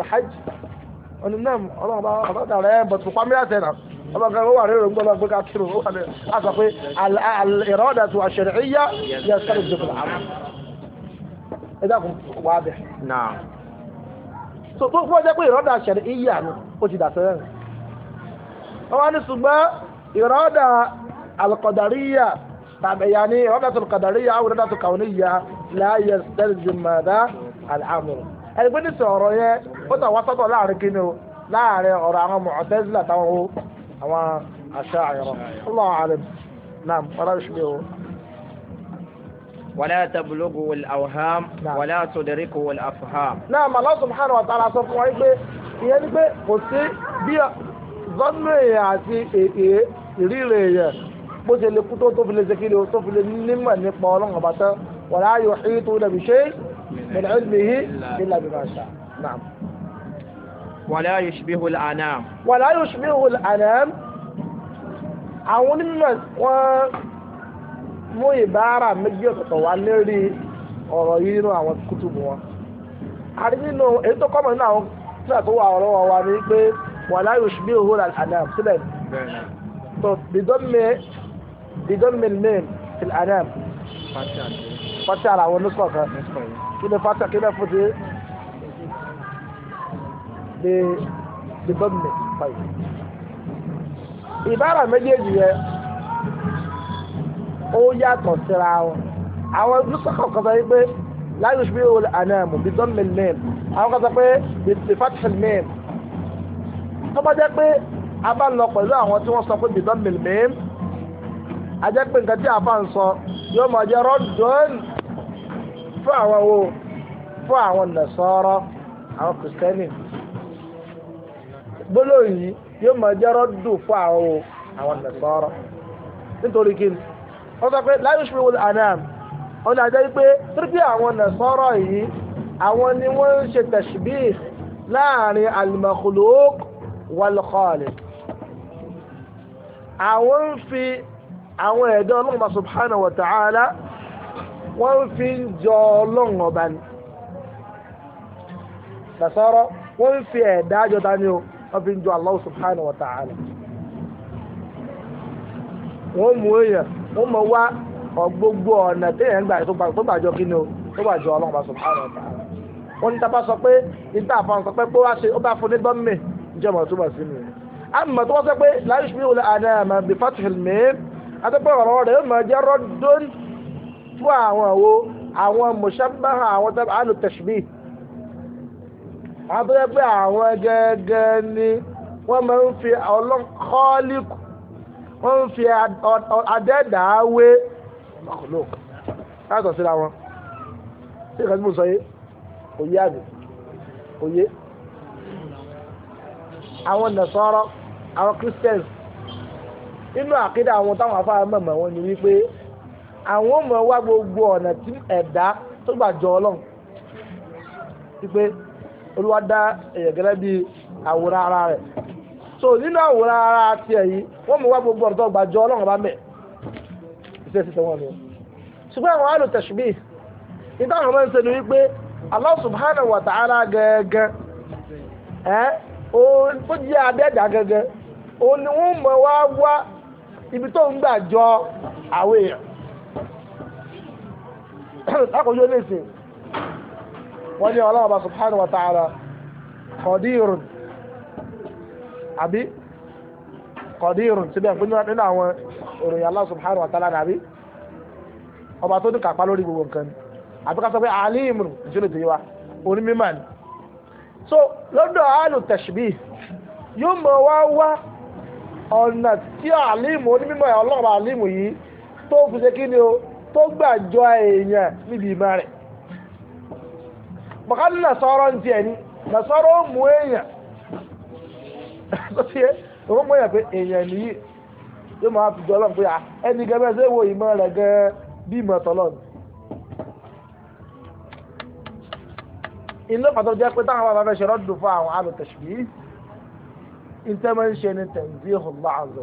alhajj ọmọ kan ó wà nínú ìròyìn gbọ́dọ̀ pé ká kírun ó wà nínú a sọ pé ìrọ́dà tó àṣẹrẹ̀ ìyá yẹ sẹ́lẹ̀ ìjọba àmọ́ ẹ dákun wà bẹ̀. so tó fún ọjọ́ pé ìrọ́dà àṣẹrẹ̀ ìyá ni ó ti dàsẹ́ rẹ̀ wọ́n wá ní ṣùgbọ́n ìrọ́dà alkọ̀dàríyà tàbí ìyá ni ìrọ́dà tó kọ̀dàríyà àwọn ìrọ́dà tó kàwọ́níyà ní sọ̀rọ̀ yẹn ó tàn wá sọ́tọ̀ àwọn àṣà àyọ̀rọ̀ ọlọ́run àlẹ́ náà ọlọ́run ṣubú o. ولا تبلغه الأوهام نعم. ولا تدركه الأفهام نعم الله سبحانه وتعالى sọ fún wa pé ìyẹn ni pé kò sí bí zọ́nù èèyàn àti èèyàn ìrírè èèyàn bó ṣe lè kú tó tó fi lè ṣèkìlì tó fi lè nímọ̀ nípa ọlọ́run ọba tán wala yuhituna bi shay'in min ilmihi illa bima sha'a wàlá yushbihu al-anam. wàlá yushbihu al-anam àwọn onímọ̀ wọ́n mú ìbára méjì ọ̀tọ̀tọ̀ wá lérí ọ̀rọ̀ yìí nínú àwọn kútùbù wọn. àti nínú èyí tó kọ́mọ̀ nínú àwọn tíra tó wà ọ̀rọ̀ wa ni pé wàlá yushbihu al-anam sílẹ̀ tó bidon mil mil al-anam. fati ara àwọn onísọ̀kan kí ni fati kí ni fati bíbọ́mì fàyè. ìbára méjèèjì yẹn ó yàtọ̀ síra wọn àwọn nusakọ̀ kan sọ pé láyé oṣù bíi olè ànáàmù bíbọ́mì mẹ́m àwọn kan sọ pé bífàtìl mẹ́m tó bá jẹ́ pé a bá lọ pẹ̀lú àwọn tí wọ́n sọ pé bíbọ́mì mẹ́m a jẹ́ pé nǹkan tí a bá ń sọ yóò máa jẹ́ rọ́dùn fún àwọn wo fún àwọn nàṣọ́rọ́ àwọn kìrìsìtẹ́nì gbólóhùn yìí yóò máa jẹ́ rọ́dù fún àwọn àwọn nàṣọ́rọ́ nítorí kí ni wọ́n sọ pé láyé ṣubú wọlé anam wọ́n ní ajá yìí pé tírípì àwọn nàṣọ́rọ́ yìí àwọn ni wọ́n ń ṣe tẹ̀síbí láàrin alimakuluk walkọ́ọ̀lì àwọn ń fi àwọn ẹ̀dọ́ ọlọ́mọba subhanahu wa ta'ala wọ́n fi jọ ọlọ́mọba ni nàṣọ́rọ́ wọ́n fi ẹ̀dá jọta ni o wọ́n fi ń jọ Allah subhanahu wa ta'ala wọ́n mú èèyàn wọ́n mọ̀ wá gbogbo ọ̀nà téèyàn gbà tó gbàjọ kí ni o tó gbàjọ ọlọ́run subhanahu wa ta'ala wọ́n ní tábà sọ pé nígbà àfọ̀n sọ pé pé wá ṣe ó bá fún ní gbọ́mì ìjọba túbọ̀ sí mi àmọ́ tó wọ́n sọ pé láyé ṣùgbọ́n ìwòlẹ̀ àdáyàmọ̀ bí fatihil mẹ́ẹ́ adọ́pẹ́ ọ̀rọ̀ rẹ̀ yóò máa jẹ́ rọ́dún fún àwọn àwo àwọn mùsàbáhà àwọn tàbí àlùtẹ̀ṣbí àbúrẹ́ pé àwọn gẹ́gẹ́ ni wọ́n máa ń fi ọlọ́kọ́líkù wọ́n ń fi adẹ́dàáwé láàtọ̀ síra wọn sí ìkan tí mo sọ yé òye àbí òye àwọn nàṣọ́rọ́ àwọn Christians inú àkídà àwọn táwọn afárá mọ̀mọ́ wọn ni wípé àwọn ọmọ wa gbogbo ọ̀nà tí ẹ̀dá tó gbà jọ ọlọ́run wípé olúwa gẹ́gẹ́ bí so nínú àwòrán ara tiẹ̀ yìí wọ́n mú wá gbogbo ọ̀rọ̀ tó ọlọ́run bá mẹ́ iṣẹ́ sísẹ wọn ni ṣùgbọ́n àwọn àlò tẹ̀sùbí nígbà àwọn ọmọ ń wípé Allah subhanahu wa ta'ala gẹ́gẹ́ ẹ́ ó jẹ́ gẹ́gẹ́ ni wọ́n mọ̀ wá wá ibi tó ń jọ lè wọ́n ní ọlọ́ọ̀bá subhanahu wa ta'ala kọ̀dírùn àbí kọ̀dírùn síbẹ̀ fún nínú àwọn ìròyìn Allah subhanahu wa ta'ala nàbí ọba tó ní kápá lórí gbogbo nǹkan àbí ká sọ pé alimun ìṣúlẹ̀ tó yé wa onímọ̀ ni so lọ́dọ̀ alu tashbih yóò mọ̀ wá wá ọ̀nà tí alimu onímọ̀ ọlọ́ọ̀bá alimu yìí tó fi ṣe kí ni o tó gbàjọ èèyàn níbi ìmọ̀ rẹ̀ bọ̀kálí nàṣọ́rọ̀ ń tiẹ̀ ní nàṣọ́rọ̀ ó mú èèyàn tó tiẹ̀ tó mú èèyàn pé èèyàn nìyí yóò máa fi jọ ọlọ́run pé ẹni gẹ́gẹ́ bẹ́ẹ̀ ṣe wo ìmọ̀ rẹ̀ gẹ́gẹ́ bí ìmọ̀ tọ́lọ́run. ilé pàtó jẹ́ pé táwọn bàbá fẹ́ ṣe rọ́dùn fún àwọn alùtẹ̀ṣìbí ìtẹ́mọ̀ ń ṣe ní tanzihu Allah azza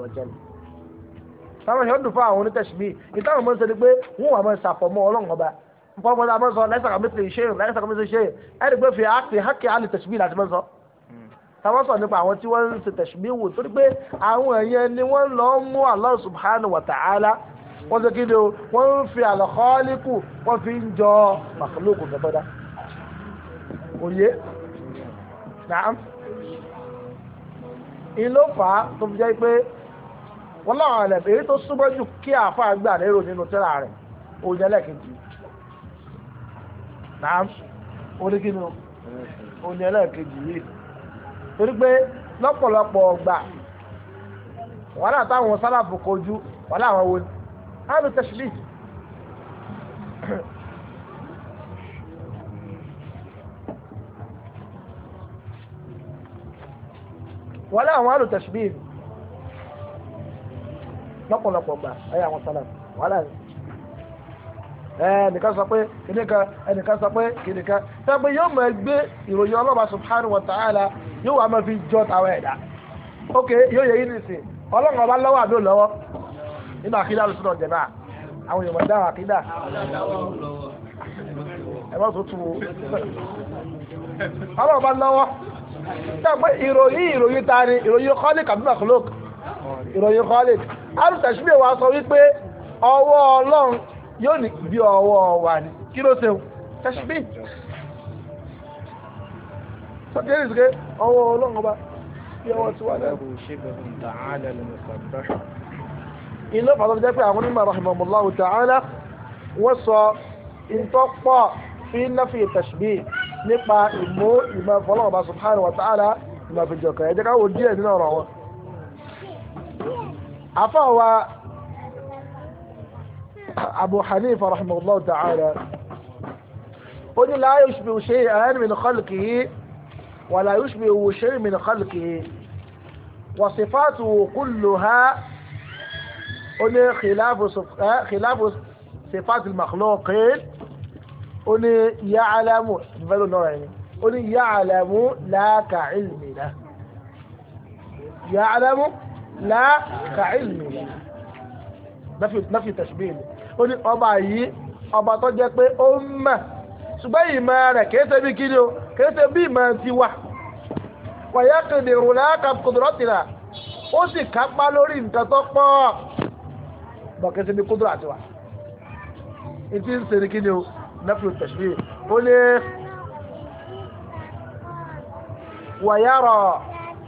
wa nǹkan ọmọdé amọ̀ sọ lẹ́sàkà mẹ́tìrì ṣe é lẹ́sàkà mẹ́tìrì ṣe é ẹni pé fi hákì hákì àlè tẹ̀síbí láti mọ̀ sọ. Hmm. táwọn sọ nípa àwọn tí wọ́n ń ṣe tẹ̀síbí wò torí pé àwọn èèyàn ni wọ́n lọ mú Allah subhanahu wa ta'ala wọ́n ṣe kíni o wọ́n ń fi àlọ́kọ́ọ́líkù wọ́n fi ń jọ màkàlókù kẹtọ́dá. òye naam ìlú fà tó fi jẹ́ pé wọ́n láwọn ẹ̀lẹ́bẹ̀ẹ́ tó súnmọ́ jù kí àáfàá gbà lérò nínú tẹ́lá rẹ̀ òun jẹ́ náà oníkínú oní ẹlẹ́ẹ̀kejì yìí torí pé lọ́pọ̀lọpọ̀ ọgbà wàhálà táwọn sálàfù kojú wàhálà àwọn wo ni àlù tẹ̀sílì wàhálà àwọn àlù tẹ̀sílì lọ́pọ̀lọpọ̀ ọgbà ẹ̀yà àwọn sálàfù wàhálà yìí ẹnìkan sọ pé kìnìkan ẹnìkan sọ pé kìnìkan tẹ́gbẹ́ yóò máa gbé ìròyìn ọlọ́ba subhanahu wa ta'ala yóò wá máa fi jọ tàwọn ẹ̀dá ok yóò yẹ yín nìsín ọlọ́run ọba lọ́wọ́ àbí òlọ́wọ́ nínú àkídá lọ sínú ọ̀jẹ̀bá àwọn èèyàn dáhùn àkídá ẹ má tó tu ọlọ́run ọba lọ́wọ́ tẹ́gbẹ́ ìròyìn ìròyìn ta ni ìròyìn kọ́lík àbí màkúlók ìròyìn kọ́lík yóò ní bí ọwọ́ wà ní kí ló ṣe tẹ́ṣbí sọ́kẹ́rì sí pé ọwọ́ ọlọ́run ọba bí ọwọ́ ti wà lẹ́nu. ilé ìfàdọ́ ti jẹ́ pé àwọn onímọ̀ rahimahullahu ta'ala wọ́n sọ ìtọ́pọ̀ nípa ìmú ìmọ̀ fọlọ́run ọba subhanahu wa ìmọ̀ ìfìjọkọ̀ ẹ̀jẹ̀ káwọ́ díẹ̀ nínú ọ̀rọ̀ wọn. àfọwọ́ Abu Hanifa rahimahullah ta'ala ó ní la yushbihu shay'an min khalqihi wa la yushbihu shay'an min khalqihi wa sifatuhu kulluha ó ní khilafu eh, sifatil makhluqin ó ní ya'lamu ìfẹ́lú náà ẹni ó ní ya'lamu la ka'ilmina ya'lamu la ka'ilmina ما في ما في تشبيه ó ní ọba yìí ọba tó jẹ́ pé ó ń mọ̀ ṣùgbọ́n ìmọ̀ rẹ̀ kìí ṣe bí kíni o kìí ṣe bí ìmọ̀ ti wà wàyà kìdì ìrùlẹ̀ kàkùdùrọ̀tìlà ó sì kápá lórí nǹkan tó pọ̀ bọ̀ kìí ṣe bí kúdùrọ̀ àti wà ìtì ń ṣe kíni o nẹ́fìlú tẹ̀sí ó ní wàyà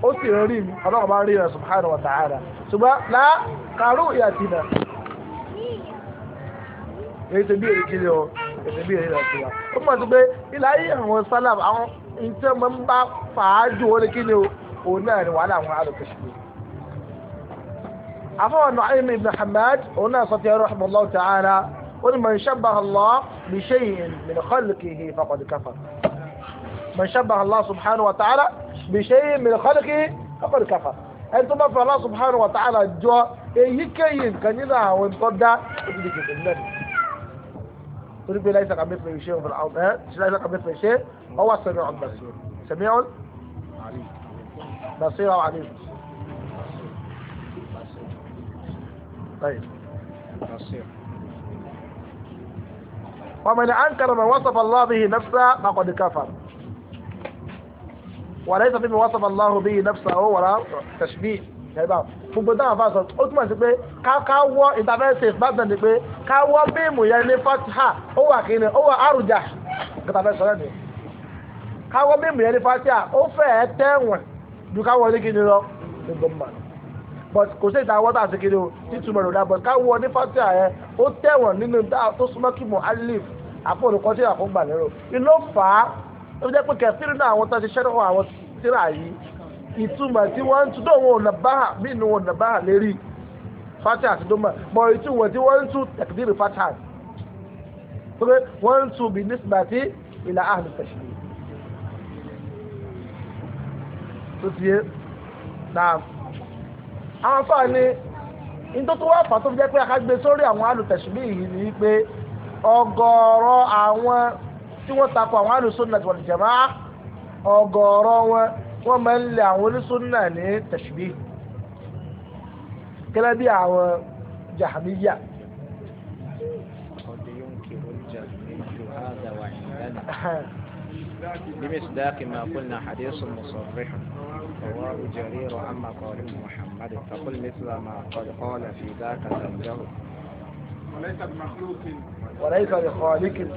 ó sì rí ọlọ́run bá rí rẹ̀ subhanahu ṣùgbọ́n lá kàrú ìyàtì náà èyí ṣe bí èrè kiri ọ èyí bí èrè rà sí wa ó mọ̀ sí pé ilé ayé àwọn sálà àwọn nǹkan máa ń bá fàájù ó ní kíni o òun náà ni wàhálà àwọn alùpùpù afọwọ́ Nu'aym ibn Hamad òun náà sọ ti ẹrọ rahimahullahu ta'ala ó ní man shabbaha Allah bi shay'in min khalqihi faqad kafar man shabbaha Allah subhanahu wa ta'ala bi shay'in min khalqihi faqad kafar ẹni tó bá fi Allah wa ta'ala jọ èyíkéyìí nǹkan nínú àwọn ìtọ́dá ó ti di kìkì تريد ليس كمثل شيء في الارض ها ليس كمثل شيء هو السميع البصير سميع عليم بصير وعليم طيب بصير ومن انكر من وصف الله به نفسه فقد كفر وليس فيما وصف الله به نفسه ولا تشبيه ṣẹ́gbà gbogbo táwọn afa ó túmọ̀ sí pé ká wọ́ interface bátan ni pé ká wọ́ bíìmù yẹn ní fatiha ó wà kí ni ó wà àrùjà nǹkan tàbí ká wọ́ bíìmù yẹn ní fatiha ó fẹ́ẹ̀ tẹ̀wọ̀n ju ká wọ́ ní kí lọ ní gbọ́mọ̀ but kò sí ìta wọ́tà sí kiri o títúmọ̀ rẹ̀ but ká wọ́ ní fatiha yẹn ó tẹ̀wọ̀n nínú tó súnmọ́ kí mo alif àpò olùkọ́ tí àkóńgbà fà á ó jẹ́ pé kẹ̀sìrì ìtumọ̀ tí wọ́n ń tún tó wọn ò nà báhà mí nu wọn nà báhà lérí fati àti doma mọ ìtumọ̀ tí wọ́n ń tún tẹ̀kídìrì fata pé wọ́n ń tún bí nísìmọ̀tì ìlà àhàmì tẹ̀sílẹ̀ tó ti yé na àwọn afáàní nítorí wọ́n fà tó fi jẹ́ pé àkágbé sórí àwọn alùtẹ̀sílẹ̀ yìí ni pé ọ̀gọ̀ọ̀rọ̀ àwọn tí wọ́n takò àwọn alùsọ̀nà wal jamaa ọ̀gọ̀ọ̀rọ̀ wọn. ومن لعول سنة تشبيه كلا دي عوى جحمية قد ينكر الجحمية هذا وعندنا بمصداق ما قلنا حديث مصرح رواه جرير عما قال محمد فقل مثل ما قد قال في ذاك الأمر وليس بخالق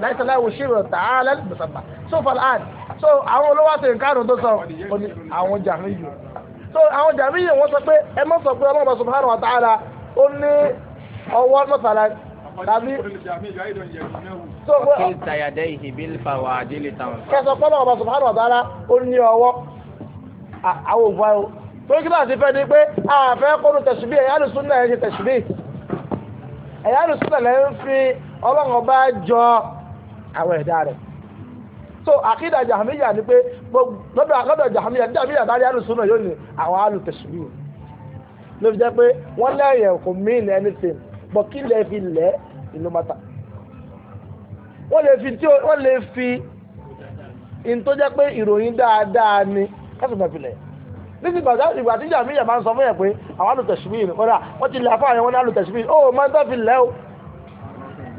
ليس له شبه تعالى المسمى سوف الآن so àwọn olówó àti nǹkan àrùn tó sọ òní àwọn jàmíyù so àwọn jàmíyù wọ́n sọ pé ẹ mọ̀ sọ pé ọlọ́run subhanahu wa ta'ala ó ní ọwọ́ mọ̀sálà tàbí. so pé kẹsàn-án pé ọlọ́run subhanahu wa ta'ala ó ní ọwọ́ àwọn òfin tó kí ti fẹ́ ni pé àfẹ́ kọ́nu tẹ̀sùbí ẹ̀yà lùsùn náà ẹ̀ ṣe tẹ̀sùbí ẹ̀yà lùsùn náà lẹ́yìn fi ọlọ́run ọba jọ àwọn ẹ̀dá rẹ̀ so àkídà jahamiya ni pé lọ́dọ̀ jahamiya jahamiya bá rí alùsùn náà yóò ní àwọn alùtẹ̀sùbí o ló fi jẹ́ pé wọ́n lẹ́yìn kò mean anything but kí lè fi lẹ́ ìlú mọ́ta wọ́n lè fi tí wọ́n lè fi ìtọ́jẹ́ pé ìròyìn dáadáa ni kásìmọ̀ fi níbi ìgbà tí ìgbà tí jàmíyà máa ń sọ fún yẹn pé àwọn alùtẹ̀sùmí ni kódà wọ́n ti lè afá yẹn wọ́n ní alùtẹ̀sùmí ó máa ń tẹ́ fi lẹ́ o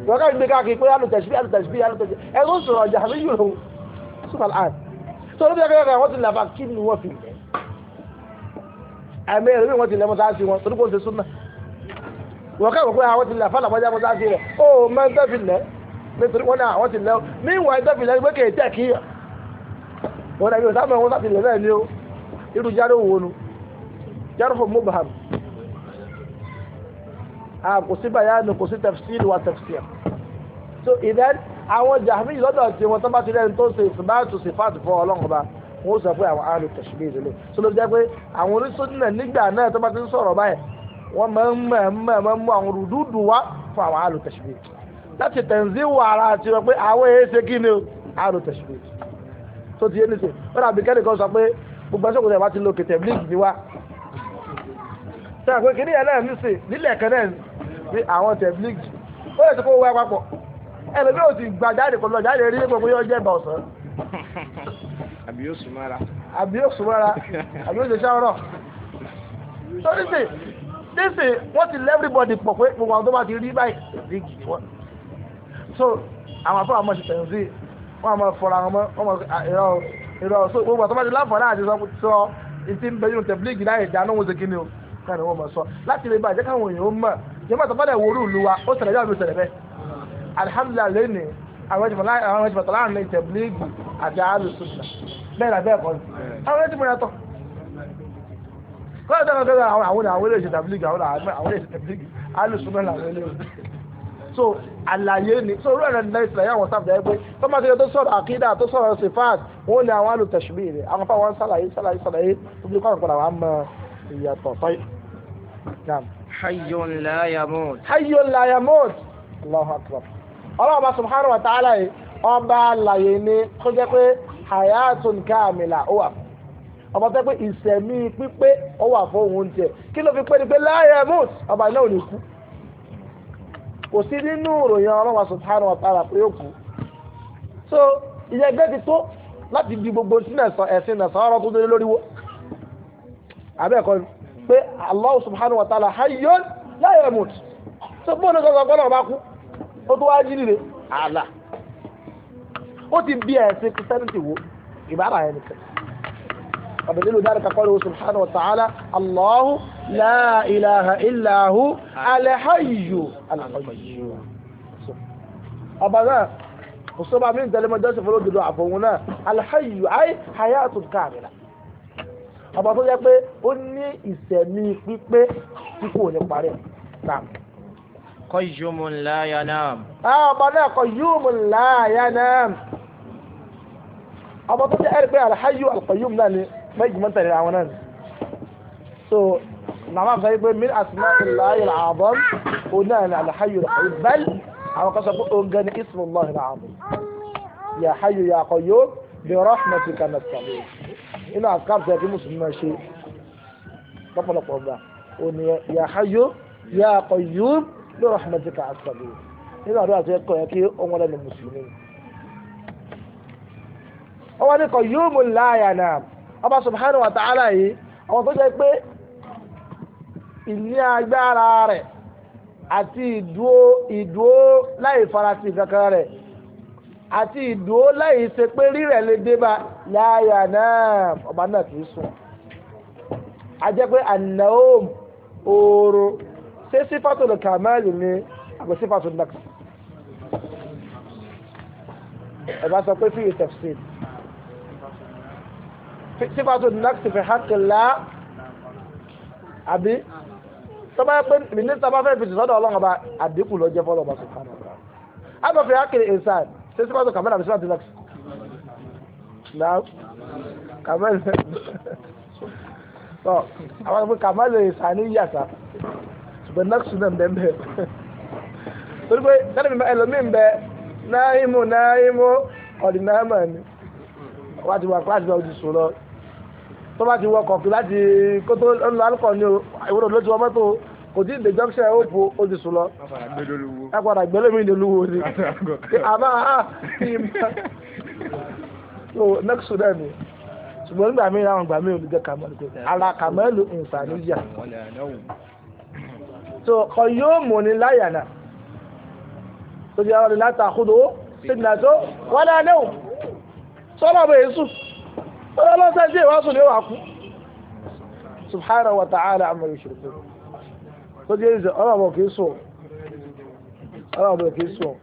ìwọ́n káàkiri káàkiri pé alùtẹ̀sùmí alùtẹ̀sùmí alùtẹ̀sùmí ẹ tó sọ̀rọ̀ jàmíyù lòun sùpàlà àn tó ló bí akẹ́kọ̀ọ́ wọ́n ti lè afá kí ni wọ́n fi lẹ́ àmì ẹ̀rọ wọn ti lẹ́ mọ́sáàsì wọn torí kò ṣe súnà ìwọ́n káàkiri pé àwọn ti lè afá làbọ́jà mọ́sáàsì rẹ̀ ó máa ń tẹ́ fi lẹ́ nítorí wọn náà àwọn ti lẹ́ o ní ìwà ẹ̀dẹ́fìlẹ́ gbé kéèké kí wọ́n dàbí ọ̀sán mọ̀ wọn láti lẹ́ náà ni o irú jarhu wonu jarhu mubham a kò sí bayanu kò sí tafsir wa tafsir so idan àwọn jahmi lọ́dọ̀ tí wọ́n tó bá ti rẹ́ni tó ṣe ìsìnbáàtù sífàtù fún ọlọ́run bá wọ́n sọ pé àwọn àlù tẹ̀síbí ìdílé so ló jẹ́ pé àwọn onísọ́nà nígbà náà tó bá ti ń sọ̀rọ̀ báyìí wọ́n máa ń mọ̀ mọ̀ mọ̀ mú àwọn rùdúdù wá fún àwọn àlù tẹ̀síbí láti tẹ̀sí wọ ara àti rẹ pé àwọn èyí ṣe kí ni àlù tẹ̀síbí tó ti yé ní sè ó dàbí kẹ́nìkan sọ pé gbogbo ẹsẹ̀ kò tẹ̀ wá ti lo kètè bíléèkì ni wá sẹ́yìn pé kìnìyàn náà ní sè nílẹ̀ kan náà ní àwọn tẹ̀ ó lè ti kó wá papọ̀ ẹlòmíì ò ti gbà jáde kọ́ lọ jáde rí nípa yóò jẹ́ ìbà ọ̀sán. àbí yóò sùn so nísìn nísìn wọ́n ti lé everybody pọ̀ pé gbogbo àwọn tó bá ti ìrọ̀ so gbogbo àtọ́ bá ti láǹfààní àti sọ ìtì ń bẹ nínú tẹ̀blíìgì láì dá náà wọ́n ṣe kíni o káàdì wọ́n mọ̀ sọ láti lè bàjẹ́ káwọn èèyàn mọ̀ jẹ́mọ́ àtọ́ bá dẹ̀ wọ́rú wa ó ṣẹlẹ̀ yàrá ìṣẹ̀lẹ̀ bẹ́ẹ̀ alihamdulilayi lẹ́nu àwọn ẹ̀jẹ̀ láàrin tẹ̀blíìgì àti àlùsùn náà bẹ́ẹ̀ so àlàyé ni so orí ẹ̀rọ nílẹ̀ ìsìlẹ̀ àwọn sáfìdá ẹgbẹ́ tó máa ti yẹ tó sọ̀rọ̀ àkídà tó sọ̀rọ̀ sifat wọn ni àwọn alùtẹ̀sùmí rẹ̀ àwọn fáwọn sàlàyé sàlàyé sàlàyé tó fi kọ́ àwọn mọ ìyàtọ̀ sọ́yì. hayyun la yamut. hayyun Allahu akbar. ọlọ́ọ̀bá subhanahu wa ta'ala yìí ọba àlàyé ni kó jẹ́ pé hayatun kamila ó wà ọba tẹ́ pé ìsẹ̀mí pípé ó wà fún òun kí ló fi pé ni pé la yamut ọba náà ò ní kú kò sí nínú ìròyìn ọlọ́wà subhanahu wa pé ó kú so ìyẹgbẹ́ ti tó láti di gbogbo sínú ẹ̀sìn ẹ̀sán ọ̀rọ̀ tó délé lóríwó abẹ́ẹ̀kọ́ pé Allah subhanahu wa ta'ala hayyun la yamut so bó ní sọ́sọ́ gbọ́dọ̀ bá kú ó tó wáá jíire àlà ó ti bí ẹ̀sìn kìtẹ́nìtì wo ìbára ẹnìkan ودليل ذلك قوله سبحانه وتعالى الله لا إله إلا هو الحي القيوم أبدا مصطفى من دلما جالس في الوجه دعاء فهنا الحي أي حياة كاملة ọba tó yẹ pé ó ní ìsẹ̀mí pípé tí kò ní parí náà. Qayyumun la yanam. ọba náà Qayyumun la yanam. ọba tó jẹ́ ẹ̀rí pé al-Hayyu al-Qayyum náà ni méjì mọ́tàlẹ́ àwọn náà so nàmá sọ pé min asma ilayi al'adọ́n oní àná alhayu alhayu bẹ́ẹ̀ àwọn kan sọ pé o gani ismu allah al'adọ́n ya hayu ya kọyo bi rahmatika nasta'in inú àkàtà tẹ̀ kí mùsùlùmí máa ṣe lọ́pọ̀lọpọ̀ ọgbà òní ya hayu ya kọyo bi rahmatika nasta'in nínú àdúrà tó yẹ kọ́ yẹ kí ọmọ lẹ́nu mùsùlùmí. ọwọ́ ni kọ yóò mú láàyà náà. ọba subhanahu wa ta'ala yìí àwọn tó jẹ́ pé ìní agbára rẹ̀ àti ìdúó ìdúó láì farasí kankan rẹ̀ àti ìdúó láì ṣe pé rírẹ̀ lè dé bá láyà náà ọba náà kì í sùn a jẹ́ pé anaom ooro ṣé sífàtò lè kà mẹ́rin ni àgbẹ̀ sífàtò náà ẹ̀ bá sọ pé fi ìtẹ̀síì sífàtò nàkìsì fi hàkìlá àbí tọ́ba yẹ pé mínísítà bá fẹ́ fèsì sọ́dọ̀ ọlọ́run ọba àdínkù ló jẹ́ fọ́lọ́ ọba sùkánù ọba àbọ̀ fi hàkìlì ìsàn ṣé sífàtò kàmẹ́lì àbí sífàtò nàkìsì náà kàmẹ́lì tọ́ àwọn ọmọ kàmẹ́lì ìsàn ní yàtà ṣùgbọ́n nàkìsì náà ń bẹ́ẹ̀ torí pé sẹ́ni mi ẹlòmíì náà ìmú náà ìmú ọ̀dìnnà ẹ̀mọ̀ ni wọ́n ti wà kíláàsì náà ó sùn lọ tó bá ti wọkọ̀ kí láti kó tó lọ alukọ̀ ni ìwúrò ló ti wọ mọ́tò kò tí ì dé junction ẹ̀ ó po ó ti sùn lọ. ẹ padà gbẹ́lẹ́ mi nílùú wo ni. àmọ́ a ti mọ́ so next to them ṣùgbọ́n nígbà míì àwọn ìgbà míì olùjẹ́ kàmẹ́lù pé ara kàmẹ́lù ìsàníyà so kọ yóò mọ̀ ní láyànà tó jẹ́ àwọn ìlànà àkúdó sínú àtó wọ́n náà náà sọ́nà bẹ́ẹ̀ sùn. ولا لا تجي واصل يوعكم سبحانه وتعالى عما يشركون قد يجي أنا أبوك يسوع أنا أبوك يسوع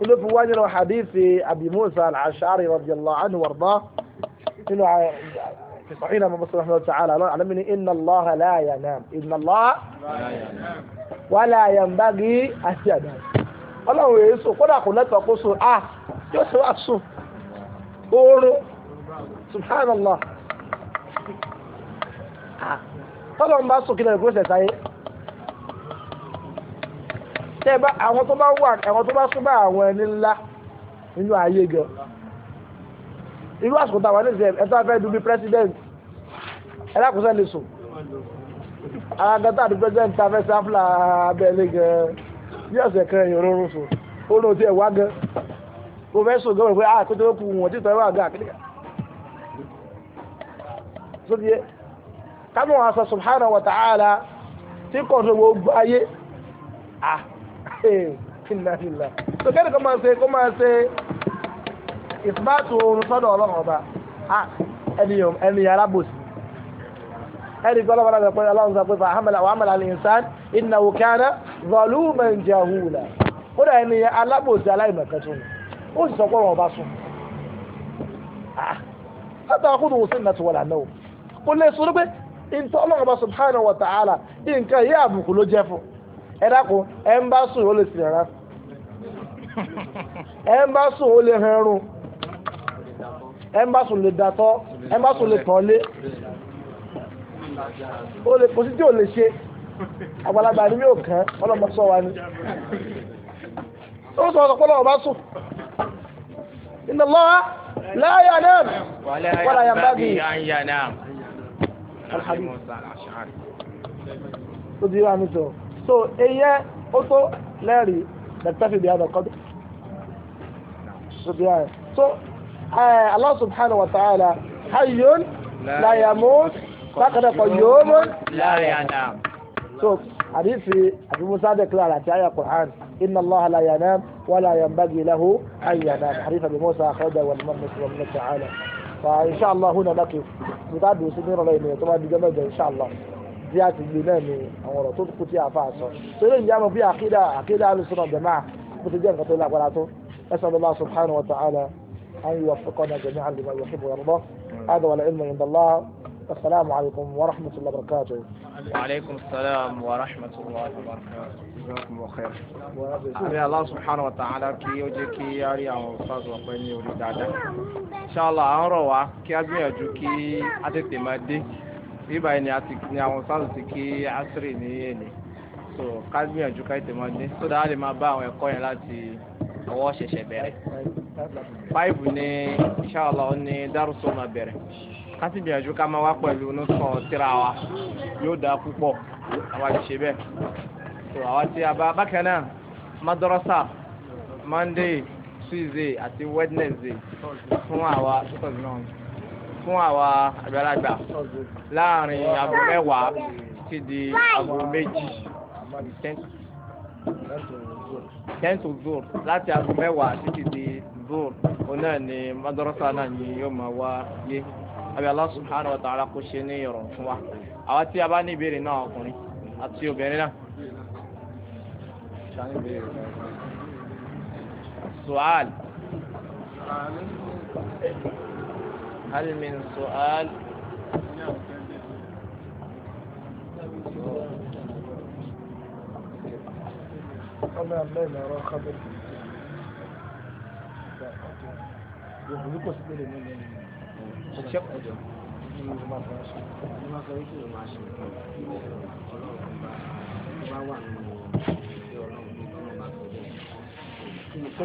كل في واجر حديث أبي موسى العشاري رضي الله عنه وارضاه إنه في صحيح لما مصر الله تعالى علمني إن الله لا ينام إن الله ولا ينبغي أن ينام قال له يسوع قل أقول لك أقول أه يسوع أقصو قولوا subhanallah tọ́lọ̀ ń bá sókè náà ìgbésẹ̀ sáyé tẹ́ bá àwọn tó bá wà àwọn tó bá súnmọ́ àwọn ẹni ńlá nínú ayé gan irú àsìkò táwọn ní ìsẹ̀ ẹ̀tọ́ afẹ́ dúbí president ẹlákùnsẹ́ lè sùn alágọ́tà àti president afẹ́ sáfúlà abẹ́lé gan bí ọ̀sẹ̀ kan èèyàn rọrùn sùn ó lóun ti ẹ̀ wá gan ó fẹ́ sùn gan wọ́n pé àkójọ́ ah, kù wọ́n ti tọ́ ẹ̀wà sódìé kámọ́ wọn sọ subhanahu wa ta'ala tí kò tó gbogbo ayé ah ìnàfìlà tó kẹ́ni kó máa ṣe kó máa ṣe ìsìbáàtò oorun sọ́dọ̀ ọlọ́run ọba ah ẹnìyàn ẹnìyàn alábòsí ẹni gbọ́dọ̀ bọ́dọ̀ bẹ̀ pé ọlọ́run sọ pé fa hamala wa hamala al-insan innahu kana zaluman ó dà ẹni alábòsí aláìmọ̀kan ó sì sọ pé ọ̀rọ̀ ọba sùn ah látàkùn tó wọ́n sí ìnàtúwọ̀lá Ole lè sọ pé subhanahu wa ta'ala nǹkan yìí àbùkù ló jẹ́ fún ẹ dákun ń bá sùn ó lè sìn rárá ẹ ń bá sùn ó lè hàn ẹrun ń bá sùn lè dàtọ́ ẹ ń bá sùn lè tàn kò sí tí ò lè ṣe àgbàlagbà ni yóò kàn ọlọ́mọ sọ wa ni ó sọ ọ̀sọ̀ pọ́lọ́ ọba sùn la الحديث تدير عن نفسه so ايا إيه اوتو لاري نكتفي بهذا القدر تدير so آه، الله سبحانه وتعالى حي لا يموت فقد قيوم لا ينام so حديثي أبي موسى ذكر على آية القرآن إن الله لا ينام ولا ينبغي له أن ينام حديث أبي موسى أخرجه والمؤمن من الله تعالى فإن شاء الله هنا نقف نتعد وسنين علينا طبعا بجمجة إن شاء الله ديات الجنان أمورا تدخل فيها فاسا سيرين جامع في عقيدة عقيدة أهل السنة والجماعة متجان قتل الله ولاته أسأل الله سبحانه وتعالى أن يوفقنا جميعا لما يحب ويرضى هذا والعلم عند الله السلام عليكم ورحمة الله وبركاته وعليكم السلام ورحمة الله وبركاته جزاكم الله خير أبي الله سبحانه وتعالى كي يجيكي ياري أو أستاذ وقيني يريد إن شاء الله أنرى وكي أبي يجوكي أتت مادي bíbá ẹni ni àwọn sáàsì ti kí asiri ní èlé so ká gbìyànjú ká ètè máa dé so dáa lè máa bá àwọn ẹ̀kọ́ yẹn láti ọwọ́ ṣẹ̀ṣẹ̀ bẹ̀rẹ̀ báyìí ní inṣàlá ó ní ká sì gbìyànjú ká máa wá pẹ̀lú nùsàn tíra wa yóò dáa púpọ̀ àwa ti ṣe bẹ́ẹ̀ tó àwa ti àbá bákan náà madrasa monday tuesday àti wednesday fún àwa fún àwa àgbàlagbà láàrin aago mẹ́wàá ti di aago méjì ten to zoro láti aago mẹ́wàá títí di zoro òun náà ni madrasa náà ni yóò máa wá yé. àbí Allah subhanahu wa ta'ala kó ṣe ní ìrọ̀rùn fún wa àwa tí a bá ní ìbéèrè náà ọkùnrin àti obìnrin náà. سؤال هل من سؤال أنا الليل أرى خبر يحبك سبيل من tó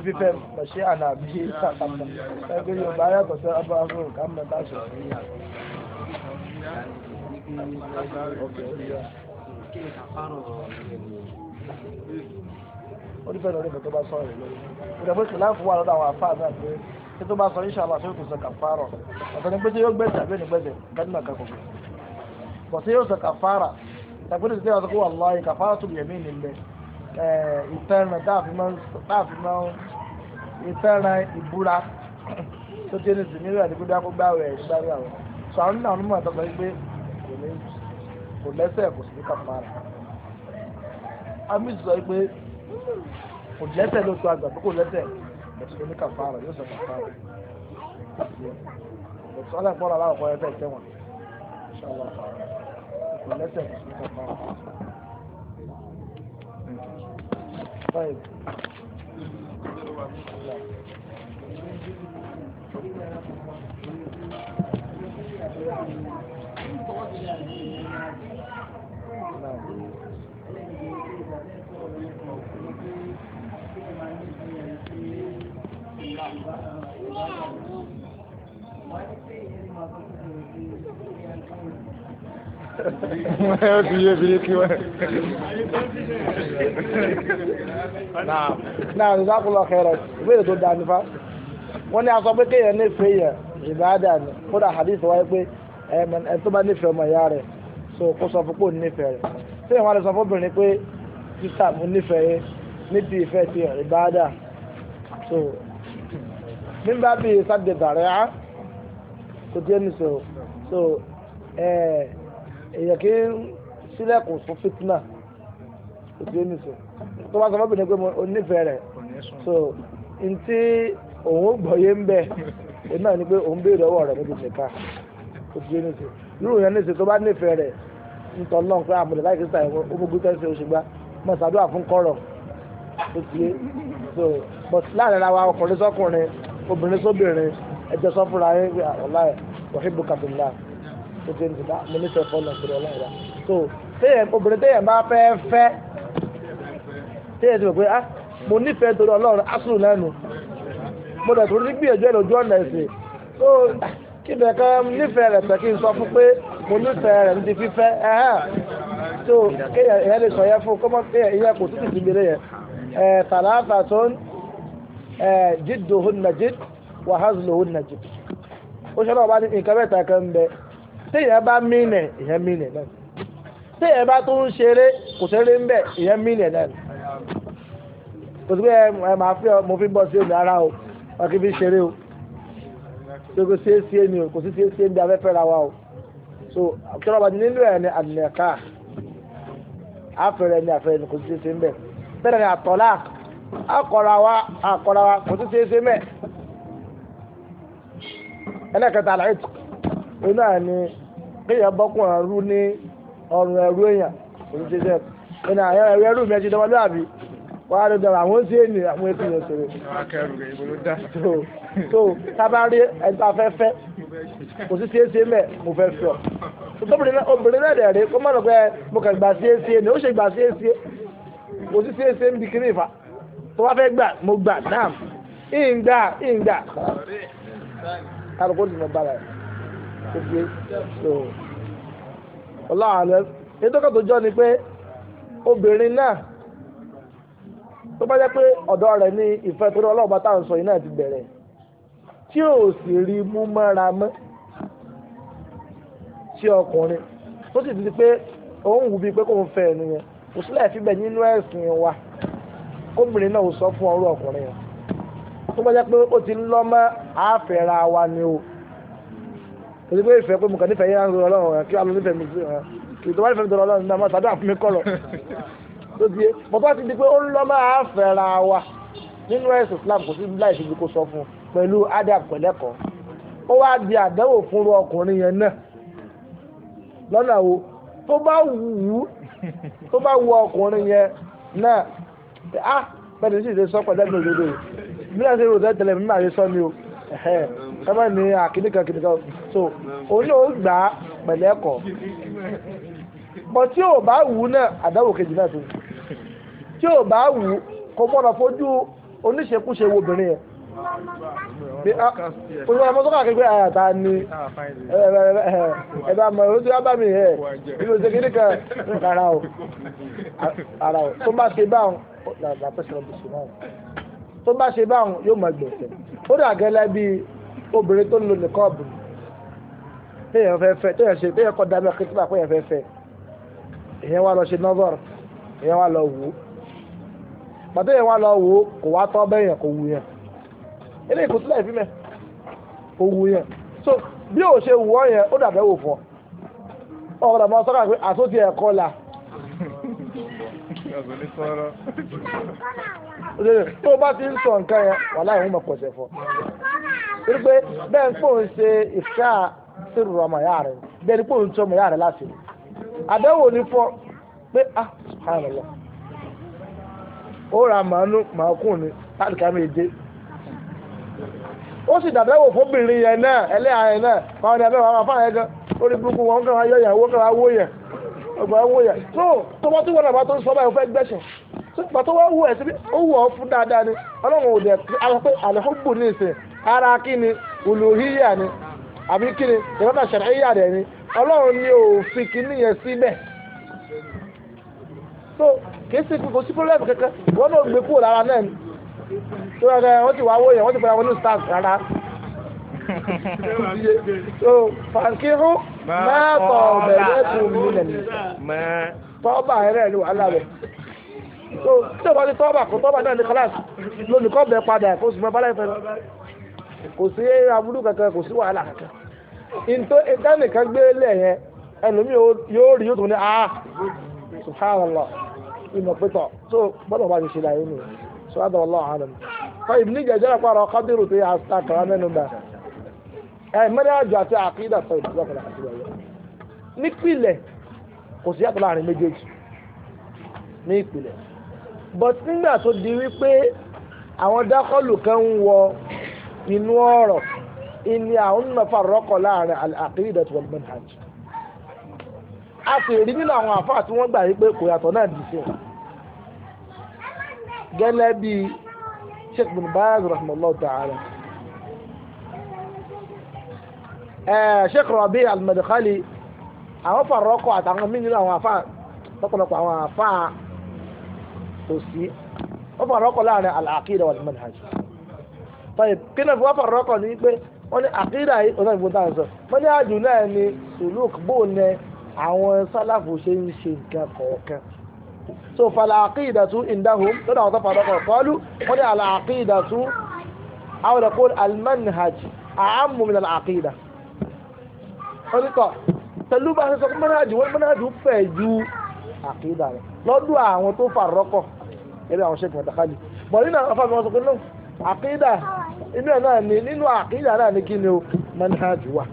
fi fẹ́ ṣe àná àbí sàkàtà ẹgbẹ́ yorùbá yàtọ̀ sí abáwọ̀ ká mọ̀ bá ṣe. ó ní bẹ́ẹ̀ lórí ìfẹ́ tó bá sọ̀rọ̀ lórí ìdàgbàsókè láǹfọ̀ wà lọ́dọ̀ àwọn àfáà náà pé kí tó bá sọ insha Allah yóò tún sọ kàfàrà ọ̀tọ̀ ní pété yóò gbẹ̀sẹ̀ àbí ẹni gbẹ̀sẹ̀ gánimà kankan kò sí yóò sọ kàfàrà tàbí tí wọ́n sọ pé wallahi kàfàrà tó yẹ̀mí ni lẹ̀ ìtẹ́ràn táàfimọ́ ìtẹ́ràn ìbúra tó ti ní sinmi rẹ̀ nígbà kó gbá rẹ̀ nígbà rẹ̀ àwọn sọ àwọn nínú àwọn onímọ̀ àtọ́sọ pé kò lẹ́sẹ̀ kò sí kàfàrà àmì sọ pé kò lẹ́sẹ̀ ló tó àgbà pé kò lẹ́sẹ̀ bẹ̀tù tó ní kàfàrà yóò sọ kàfàrà bẹ̀tù tó lẹ́yìn bọ́ọ̀lù aláwọ̀ ẹgbẹ́ ìtẹ́wọ̀n ṣọlá kò lẹ́sẹ̀ bẹ̀tù tó kàfàrà. Thank you. ó ti yé bi kí wọ́n. náà ní sáfù lọ kẹrẹ ìbéèrè tó dáa nípa wọ́n ní aṣọ pé kéèyàn nífẹ̀ẹ́ yẹn ìbáàdà ni kódà hadith wáyé pé ẹ tó bá nífẹ̀ẹ́ ọmọ ìyá rẹ̀ so kó sọ fún pé òun nífẹ̀ẹ́ rẹ̀ tí ìwọ́n lè sọ fún obìnrin pé sísà mo nífẹ̀ẹ́ yẹn ní ti ìfẹ́ ti ìbáàdà so nígbà bíi sáde dàrẹ́ á kò tí ó ní sọ so èèyàn kì í sílẹ̀kùn fún fitna kò tí ó ní sọ tó bá sọ fọ́bìnrin pé mo nífẹ̀ẹ́ rẹ̀ so ntí òun ó gbọ̀yé ń bẹ̀ òun náà ni pé òun béèrè ọwọ́ rẹ̀ níbi ìṣẹ̀ká kò tí ó ní sọ irú yẹn ní sọ tó bá nífẹ̀ẹ́ rẹ̀ ntọ́ náà pé àmọ̀lẹ́ láì kí sáyẹn ó mú gbútẹ́ sí oṣù gbá mọ̀ sàdúrà fún kọ́rọ̀ ó ti yé so but láàrin ara wa ọkùnrin sọkùnrin obìnrin sóbìnrin ẹjọ́ sọ fúnra yín bí ọláyẹ wàhíbù kàbílà tó ti ń tìta mo nífẹ̀ẹ́ fọ́ọ̀nù ìṣòro ọláyẹ rà so téèyàn obìnrin téèyàn bá fẹ́ fẹ́ téèyàn ti rò pé ah mo nífẹ̀ẹ́ torí ọlọ́run asùn lẹ́nu mo dẹ̀ tó ní gbìyànjú ẹ̀ lójú ọ̀nà ẹ̀sìn so kí bẹ̀rẹ̀ kan nífẹ̀ẹ́ rẹ̀ tẹ̀ kí n sọ fún pé mo nífẹ̀ẹ́ rẹ̀ ní ti fífẹ́ ẹ̀hán kéèyàn ìyẹn lè sọ yẹn fún kọ́mọ́ kéèyàn ìyẹn kò tútù sí gbére yẹn ẹ̀ tàlàtà tó ń ẹ̀ jídò hónà jídò wà hazlo ó nàjì ó ṣe náà bá ní nǹkan mẹ́ta kan ń bẹ téèyàn bá mìnẹ̀ ìyẹn mìnẹ̀ náà téèyàn bá tún ṣeré kò ṣeré ń bẹ ìyẹn mìnẹ̀ náà kò sí pé ẹ máa fi mo fi bọ́ sí òní ara o wọn kì í fi ṣeré o tó kò sí èsì ẹni o kò sí èsì ẹni bí afẹ́fẹ́ ra wa o so ṣọlá bá nínú ẹ̀ ní àdìnẹ̀ká àfẹ́rẹ́ ní àfẹ́rẹ́ ní kò sí èsì ń bẹ bẹ́ẹ̀ ni àtọ́lá akọ̀ra wa akọ̀ra wa kò sí èsì ń bẹ ẹlẹ́kẹta àlàyétù òun náà ni kéèyàn bọ́kùn ẹrú ní ọrùn ẹrú èèyàn òun ti sẹ́ẹ̀ òun náà ẹrú ẹrú mi ẹ ti dọ́wọ́ lóàbí wọ́n á lọ dọ̀rọ̀ àwọn ó sì ènì àwọn ètò yẹn sọ̀rọ̀. tó tábàárí ẹ̀ta fẹ́fẹ́ kò sí ṣeéṣe mẹ́ mo fẹ́ fẹ́ ọ. obìnrin náà dẹ̀ rèé kó má lọ mo kàn gbà ṣeéṣe ni ó ṣe gbà ṣeéṣe kò sí ṣeéṣe ń bi kiri ìfà tó wá fẹ́ gbà mo gbà náà ìgbà ìgbà kálukó ti mọ bára ẹ̀ ṣe so ọláàlẹ́ nítorí tó jọ ni pé obìnrin náà tó bá jẹ́ pé ọ̀dọ́ rẹ̀ ní ìfẹ́ torí ọlọ́ọ̀bá tá à ń sọ yìí náà ti bẹ̀rẹ̀ tí ò sì rí mú mọ́ra mọ́ sí ọkùnrin tó sì ti di pé òun wù bíi pé kò ń fẹ́ ẹ̀ nìyẹn kò sílẹ̀ fi bẹ̀ nínú ẹ̀sìn wa kóbìnrin náà ò sọ fún ọrú ọkùnrin yẹn tó bá jẹ́ pé ó ti ń lọ mọ́ àfẹ́ra wa ni o torí pé ìfẹ́ pé mo kàn nífẹ̀ẹ́ yẹn lọ́rọ̀ ọ̀hún kí wàá lọ nífẹ̀ẹ́ mi sí ọ̀hún kì í tó bá nífẹ̀ẹ́ mi tọrọ ọlọ́run náà máa ṣàdúrà fún mi kọ̀rọ̀ tó di mo bá ti di pé ó ń mọ́ àfẹ́ra wa nínú ẹ̀sìn Islam kò sí láì ṣe bí kò sọ fún pẹ̀lú adab pẹ̀lẹ́kọ̀ ó wá di àdánwò fún ọkùnrin yẹn náà lọ́nà wo tó bá wù ú tó bá wù ọkùnrin yẹn náà ah bẹ́ẹ̀ ni sì ṣe sọ pẹ̀lẹ́gbẹ̀ òdodo yìí bí wọ́n ṣe rò tẹ́tẹ̀lẹ̀ mímọ́ àṣẹ sọ ni o sábà ní àkìníkan kìníkan so òun náà ó gbà á pẹ̀lẹ́kọ̀ bọ̀ tí ò bá wù ú náà àdáwò kejì náà tó tí ò bá wù ú kò gbọ́dọ̀ fojú oníṣekúṣe wo obìnrin yẹn olùwà ah, mọ́tò káàkiri pé àyà ah, ta ni ẹ̀bá mọ̀ lóṣù yàrá mi ẹ̀ nínú ìṣègùn ní kan rárá o rárá o tó bá ṣe báwọn làbà pẹ̀sẹ̀ ọ̀bùn sí náà tó bá ṣe báwọn yóò mọ gbèsè ó dà gẹ́lẹ́ bí obìnrin tó ń lo nìkan ọ̀bùn téèyàn fẹ́ fẹ́ téèyàn ṣe téèyàn kọ́ dábẹ́ kí tíba péèyàn fẹ́ fẹ́ èèyàn wá lọ ṣe nọ́vọ̀r èèyàn wá lọ wò ó pàtó èèyàn wá lọ wò ó kò wá tọ́ bẹ́yàn kò wù yàn eléyìí kò sílẹ̀ ìfimẹ̀ owó yẹn so bí o ṣe wọ́ yẹn ó dàbẹ̀ wò fún ọ ọ̀rọ̀ mọ sọ́kà pé àtúntì ẹ̀kọ́ la. tó o bá ti ń sọ nǹkan yẹn wàhálà ìhun mọ̀ pọ̀ṣẹ̀ fún ọ. torí pé bẹ́ẹ̀ ń pò ń ṣe ìfẹ́ sírù ọmọ ìyá rẹ̀ bẹ́ẹ̀ ni pò ń tọ́ ọmọ ìyá rẹ̀ láti rẹ̀ àdẹ́wò ní fọ́ pé ah subhanallah ó ra màánú màákùn ni láti ká mi dé. ó sì dàbẹ́wò fóbìnrin yẹn náà ẹlẹ́yà yẹn náà máa ní abẹ́wò àwọn afáàyẹ gan ó ní burúkú wọn kàn yọ ìyàwó kàn wó yẹn ọgbà wó yẹn tó tó wọ́n tó wọ́n tó ń sọ báyìí ó fẹ́ gbẹ̀sẹ̀ tó tó wọ́n wù ni ọlọ́run ò dẹ̀ àwọn ní ara ni olùhíyà ni àbí kí ìrọ́nà ni ọlọ́run ni kíní yẹn síbẹ̀ tó kò sí náà tó ẹ wọ́n ti wá owó yẹn wọ́n ti fẹ́ wọn ní stars rárá. so fankihu máa tọ̀ bẹ̀rẹ̀ tó mi lẹ̀ tọ́ba ẹ̀rẹ́ ni wàhálà rẹ̀ so tí o bá ti tọ́ba kó tọ́ba náà ní kíláàsì lónìí kọ́ bẹ̀ padà kó sì mọ bá láì fẹ́ kò sí aburú kankan kò sí wàhálà kankan ntọ́ ẹ̀dánìkan gbé lẹ̀ yẹn ẹlòmíì yóò rí yóò tún ní ah subhanallah ìmọ̀ pẹ́tọ̀ so bọ́dọ̀ bá ti ṣe láyé nìyẹn so هذا والله أعلم طيب نيجي أجرب أقرأ قدر وتي أستقرأ منه بقى ẹ̀ mẹ́rẹ́jọ àti àkídà sọ ìdílọ́kọ̀lá àti ìwọ̀yọ́ ní ìpìlẹ̀ kò sí yàtọ̀ láàrin méjèèjì ní ìpìlẹ̀ but nígbà tó di wípé àwọn dákọ́lù kan ń wọ inú ọ̀rọ̀ ìní àwọn nàfà rọ́kọ̀ láàrin àkídà tó wọ́n mẹ́ta jù a sì rí nínú àwọn àfáà tí wọ́n gbà wípé kò yàtọ̀ náà dì sí wọn gẹ́lẹ́ bí Sheikh bin Baz rahimahullah ta'ala Sheikh Rabi al-Madkhali àwọn fàrọ́kọ̀ àtàwọn mí nínú àwọn àfáà lọ́pọ̀lọpọ̀ àwọn àfáà òsì wọ́n fàrọ́kọ̀ láàrin al-aqida wal-manhaj tọ́yìn kí náà fi wọ́n fàrọ́kọ̀ ní pé wọ́n ní àkídà yìí ọ̀nà ìbò táwọn sọ wọ́n ní àjù náà ni sùlùk bóun àwọn sálàfù ṣe ń ṣe nǹkan kọ̀ọ̀kan so falaqidatu indahum lọ́dọ̀ àwọn tó fàdọ́ kan kọlu wọ́n ní alaqidatu àwọn ìdàkùn almanhaj àámú min alaqida wọ́n ní kọ́ pẹ̀lú bá ṣe sọ pé manhaju wọ́n manhaju fẹ̀ ju àkídà rẹ̀ lọ́dọ̀ àwọn tó fàdọ́ kọ̀ ẹ̀rẹ́ àwọn ṣẹ́kì mẹ́tàkálì bọ̀ nínú àwọn afáfẹ́ wọn sọ pé náà àkídà inú ẹ̀ náà ni nínú àkídà náà ni kí ni o manhaju wa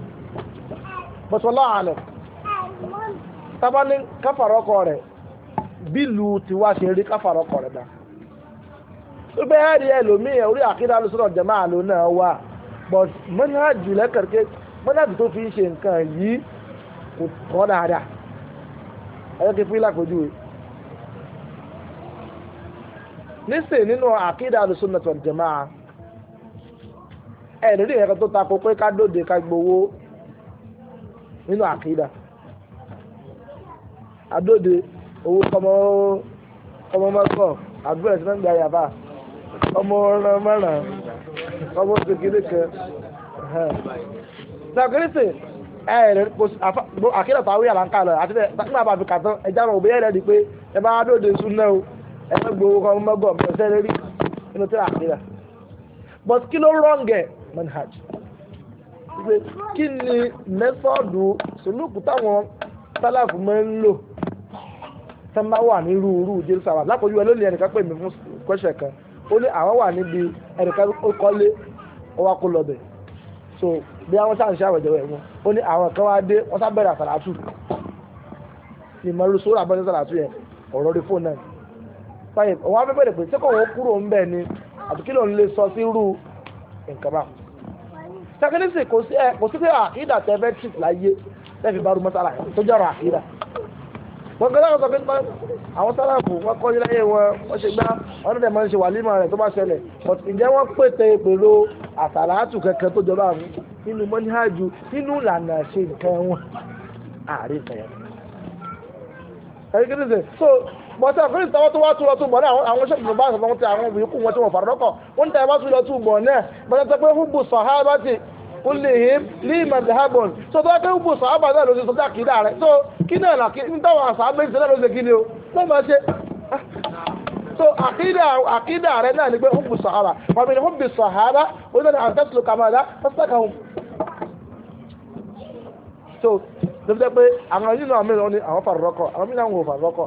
bọ̀sọ̀ láàlẹ̀ tábà bílù tí wá ṣe rí káfàrọ̀ kọ̀rọ̀dà tó bẹ́ẹ̀ rí ẹlòmíì orí àkídá lọ́sọ̀rọ̀ jẹ̀mọ́ àlò náà wà but mọ́nájù lẹ́kẹ̀kẹ́ mọ́nájù tó fi ń ṣe nǹkan yìí kò tọ́ dáadáa ẹ̀rọ kí fúlẹ̀ àpèjú rẹ̀ nísìn nínú àkídá lọ́sọ̀rọ̀ jẹ̀mọ́ ẹ̀rí ẹ̀kọ́ tó takò pé ká dóde ká gbowó nínú àkídá adóde owó kọ́mọ kọ́mọ mọ́kọ̀ àbúrò ẹ̀sìn mẹ́gbà yàrá ọmọ ọ̀ràn mọ́ràn ọmọ kékeré kan sàkérésì ẹ ẹ̀rẹ́ kò àkérò táwọn yàrá ń kà lọ àti nígbà bàbí kàtọ́ ẹja náà òbí ẹ̀rẹ́ di pé ẹ bá dóde sún náà o ẹ fẹ́ gbowó kọ́mọ mọ́kọ̀ ọ̀bẹ ọ̀sẹ̀ lérí inú tí àkérà but kí ló rọ̀ǹgẹ̀ manhaj kí ni mẹ́sọ̀dù sùnúkù táwọn sálàfù máa ń lò tẹ́ máa wà ní rúurú Jerusalem lápòjú ẹ lónìí ẹnìkan pè mí fún kọ́ṣẹ̀ kan ó ní àwọn wà níbi ẹnìkan ó kọ́lé ó kó lọ bẹ̀ so bí àwọn sáà ń ṣe àwẹ̀jẹ̀ wẹ̀ wọn ó ní àwọn kan wá dé wọ́n sá bẹ̀rẹ̀ àsàlátù ìmọ̀ irú sóra bọ́ àsàlátù yẹn ọ̀rọ̀ rí fóònù náà báyìí wọ́n á fẹ́ pé ṣé kò kúrò ń bẹ̀ ni àti kí ló ń lè sọ sí irú nǹkan bá tẹkinísì kò sí pé àkídà tẹ tì láyé lẹ́fi bá rú mọ́sálà tó jọ̀rọ̀ àkídà wọ́n gbọ́dọ̀ àwọn sọ̀kẹ́ àwọn sálàfù wọ́n kọ́ iláyé wọn wọ́n ṣe gbá wọn lè máa ń ṣe wàlímà rẹ̀ tó bá ṣẹlẹ̀ but ǹjẹ́ wọ́n pètè ìpèrò àsàlátù kẹ̀kẹ́ tó jọba àmú nínú mọ́níhàjú nínú ìlànà ṣe nǹkan wọn àárín nǹkan ẹ̀rí kí ni sè so bọ́tà fún ìtawọ́ tó wá túlọ̀ túbọ̀ náà àwọn ṣẹ́gun tó bá sọ̀rọ̀ wọn ti àwọn òbí kú wọn tí wọ́n fàrọ̀ lọ́kọ̀ wọ́n ń tẹ̀ wá túlọ̀ túbọ̀ náà bọ́tà tó pé fún bùsọ̀ hábàtì kullihim ní madhabun tó tó pé gbogbo sàábà náà ló ti sọ dákìdá rẹ̀ tó kí náà là kí nítawọn sàábà ìṣẹ̀lẹ̀ ló ṣe kí ni o ló máa ṣe. so akida, akida, rẹ̀ náà ni pé hubbu sahaba wa min hubbi sahaba ó náà ni àtẹ́sílò kàmáda pásítàkà hùn. so ló fi jẹ́ pé àwọn yìí náà mìíràn ni àwọn fàrọ̀kọ̀ àwọn mìíràn ń wò fàrọ̀kọ̀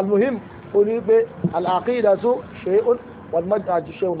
al-muhim ó ní pé al-aqidatu shay'un wal-manhaj shay'un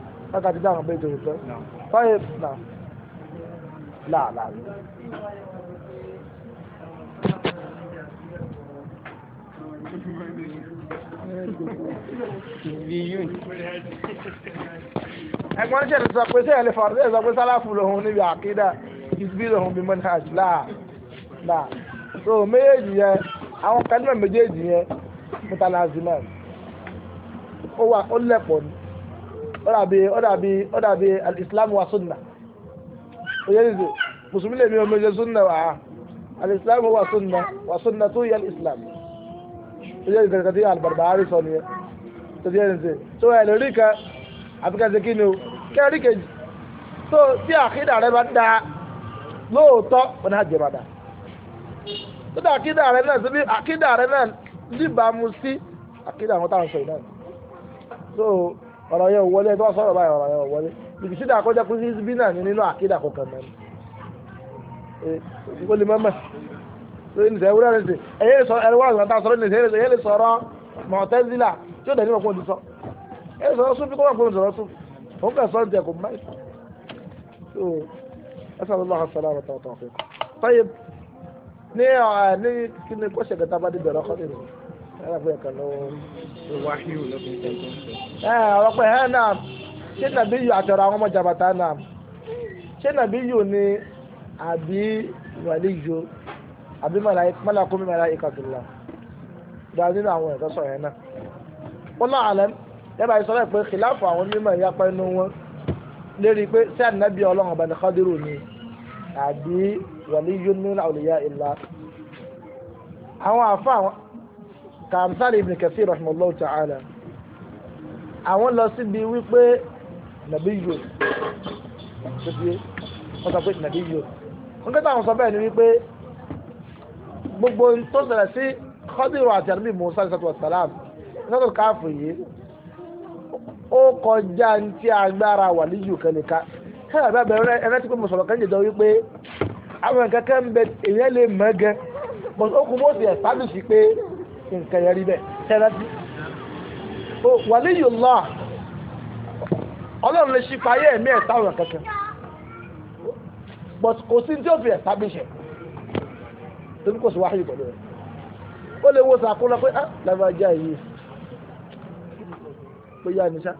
láti dá àwọn abẹ́jọ ìfẹ́ fáyé nà láàlá. ẹ̀gbọ́n ṣe sọ pé sẹ́yìn lè fọ̀rọ̀ sẹ́yìn sọ pé sálàfù lòun níbi àkídà ìsbí lòun bí manhaj láà láà so méjèèjì yẹn àwọn kanímọ̀ méjèèjì yẹn mutalaziman ó wà ó lẹ̀pọ̀ ni ọ̀dàbí ọ̀dàbí ọ̀dàbí alìsílámù wa sunna oyè nìyí mùsùlùmí lèmi ọmọ ìjẹ sunna wa alìsílámù wa sunna wa sunna tó yẹ alìsílámù oyè nìyí kàkàtà yà àlùbàdàbàárì sọ nìyẹn tó yẹ nìyí tó yẹ lórí kan àfikàsẹ kí ni o kẹrí kejì tó tí àkídà rẹ bá dáa lóòótọ́ wọn á jẹ bá dáa tó dá àkídà rẹ náà síbi àkídà rẹ náà níbàámu sí àkídà àwọn táwọn sọ yìí náà ọ̀rọ̀ yẹn ò wọlé ẹ tó sọ̀rọ̀ báyìí ọ̀rọ̀ yẹn ò wọlé bìbí sídà kọjá kó sí bí náà ní nínú àkídà kọkàn mọ́ ni ó lè mọ́mọ́ lórí nìṣẹ́ ewúrẹ́ rẹ̀ ṣe ẹ̀yẹ́ lè sọ̀rọ̀ ẹ̀rọ wà sọ̀rọ̀ nìṣẹ́ ẹ̀yẹ́ lè sọ̀rọ̀ mọ̀tẹ́zílà tí ó dẹ̀ nímọ̀ fún òdìsọ́ ẹ̀yẹ́ sọ̀rọ̀ sún bí kó wà fún òdìsọ̀rọ̀ sún òun kà sọ̀rọ̀ tiẹ̀ kò má ìsọ̀ so ẹ̀sán ló lọ́kàn sọ̀rọ̀ àwọn tọ̀tọ̀ fún un. tọ́yẹ ní ní kí ni kó ṣe kẹta bá dé bẹ̀rẹ̀ ọkọ̀ aláfẹ́ kan ló. wáhíù ló fi ń tẹ́tọ́. ẹ ọ̀rọ̀ pé ẹ náà ṣé nàbí yù àtọ̀rọ̀ àwọn ọmọ jàbàtà náà ṣé nàbí yù ni àbí wàlíyù àbí mọ́làkùnmí màláíkàtullah gba nínú àwọn ẹ̀kọ́ sọ̀rọ̀ yẹn náà. ó náà àlẹ́ yẹ́bà yìí sọ́lẹ̀ pé kìláàfù àwọn onímọ̀ ìyapa inú wọn lérí pé sí ànábì ọlọ́run ọba ní kádírù ni àbí wàlíyù min awliya illah. àwọn àfa àwọn kàmsárì ibn Kathir rahimahullahu ta'ala àwọn lọ síbi wípé nàbí yòó tó fi wọ́n sọ pé nàbí yòó wọ́n kẹ́tà àwọn sọ bẹ́ẹ̀ ni wípé gbogbo tó ṣẹlẹ̀ sí Khadiru àti àdúgbò Musa ṣàtúwọ̀ wasalam ṣàtúwọ̀ káàfù yìí ó kọjá ntí agbára wàlíyù kẹlẹ́ka ṣáà bá bẹ̀rẹ̀ ẹ̀rẹ́ tí pé mo sọ̀rọ̀ kẹ́ńjẹ̀ jọ wípé àwọn kẹ́kẹ́ ń bẹ èèyàn lè mọ̀ gan ó kú sí ẹ̀ sábìsì pé nǹkan yẹn rí bẹ́ẹ̀ tẹ́lẹ́tì. waliyullah ọlọ́run lè ṣe fàyè ẹ̀mí ẹ̀ táwọn kankan but kò sí tí ó fi establish torí kò sí wáhíì pẹ̀lú rẹ̀ ó lè wo sàkúnlọ pé ah làbàjá yìí pé yá ni sá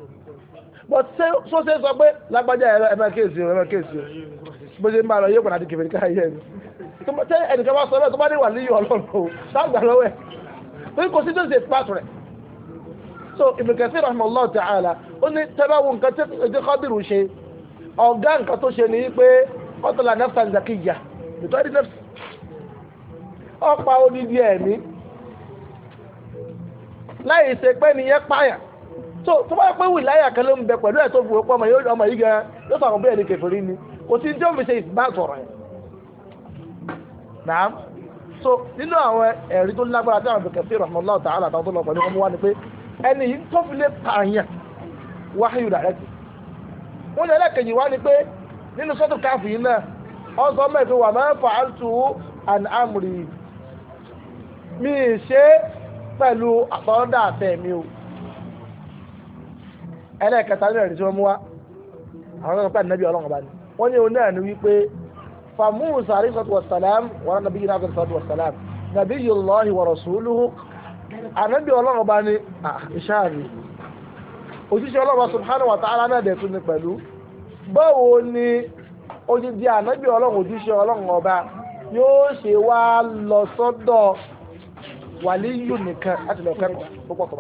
but ṣé sọ ṣe sọ pé lágbájá ẹ̀rọ ẹ̀mẹ́ kéèsì o ẹ̀mẹ́ kéèsì o bó ṣe ń bá lọ yóò padà di kẹfẹ́ káyé ẹ̀ ṣé ẹnìkan bá sọ bẹ́ẹ̀ tó bá ní wà níyì ọlọ́run o sáà gbà lọ́wọ́ ẹ̀ torí kò sí tó ń ṣe part rẹ̀ so Ibn Kathir rahimahullah ta'ala ó ní tẹ́lá wo nǹkan tí Khadiru ṣe ọ̀gá nǹkan tó ṣe ni pé qatala nafsan zakiyya nítorí nafsi ọ̀pá onídìí ẹ̀mí láì ṣe pé nìyẹn pààyàn so tó bá yẹ pé wìláyà kan ló ń bẹ pẹ̀lú ẹ̀ tó fi wọ́pọ̀ ọmọ yóò ọmọ yìí gan yóò sọ̀rọ̀ bí ẹni kẹfìrí ni kò sí tí ó fi ṣe ìbá sọ̀rọ̀ yẹn so nínú àwọn ẹ̀rí tó lágbára tí àwọn bẹ̀kẹ̀ sí rahmanullah ta'ala àtàwọn tó lọ pẹ̀lú ọmọ wa ni pé ẹni yìí tó fi lé pààyàn wáyé rẹ̀ wọ́n ní ẹlẹ́kẹ̀yìn wá ni pé nínú sọ́tù káfù yìí náà ọ sọ mẹ́ pé wà máa ń fa àtú an amri mi ṣe pẹ̀lú àtọ́dá àfẹ́ mi o ẹlẹ́kẹta nínú ẹ̀rí tí wọ́n mú wa àwọn tó ń pẹ́ فموسى عليه الصلاة والسلام ورا نبينا عليه الصلاة والسلام نبي الله ورسوله النبي والله رباني إشاري òṣìṣẹ́ ọlọ́run subhanahu wa ta'ala náà dẹ̀ tún ní pẹ̀lú báwo ni odidi ànábì ọlọ́run òṣìṣẹ́ ọlọ́run ọba yóò ṣe wá lọ sọ́dọ̀ wàlíyù nìkan láti lọ kẹ́kọ̀ọ́ tó pọ̀ tó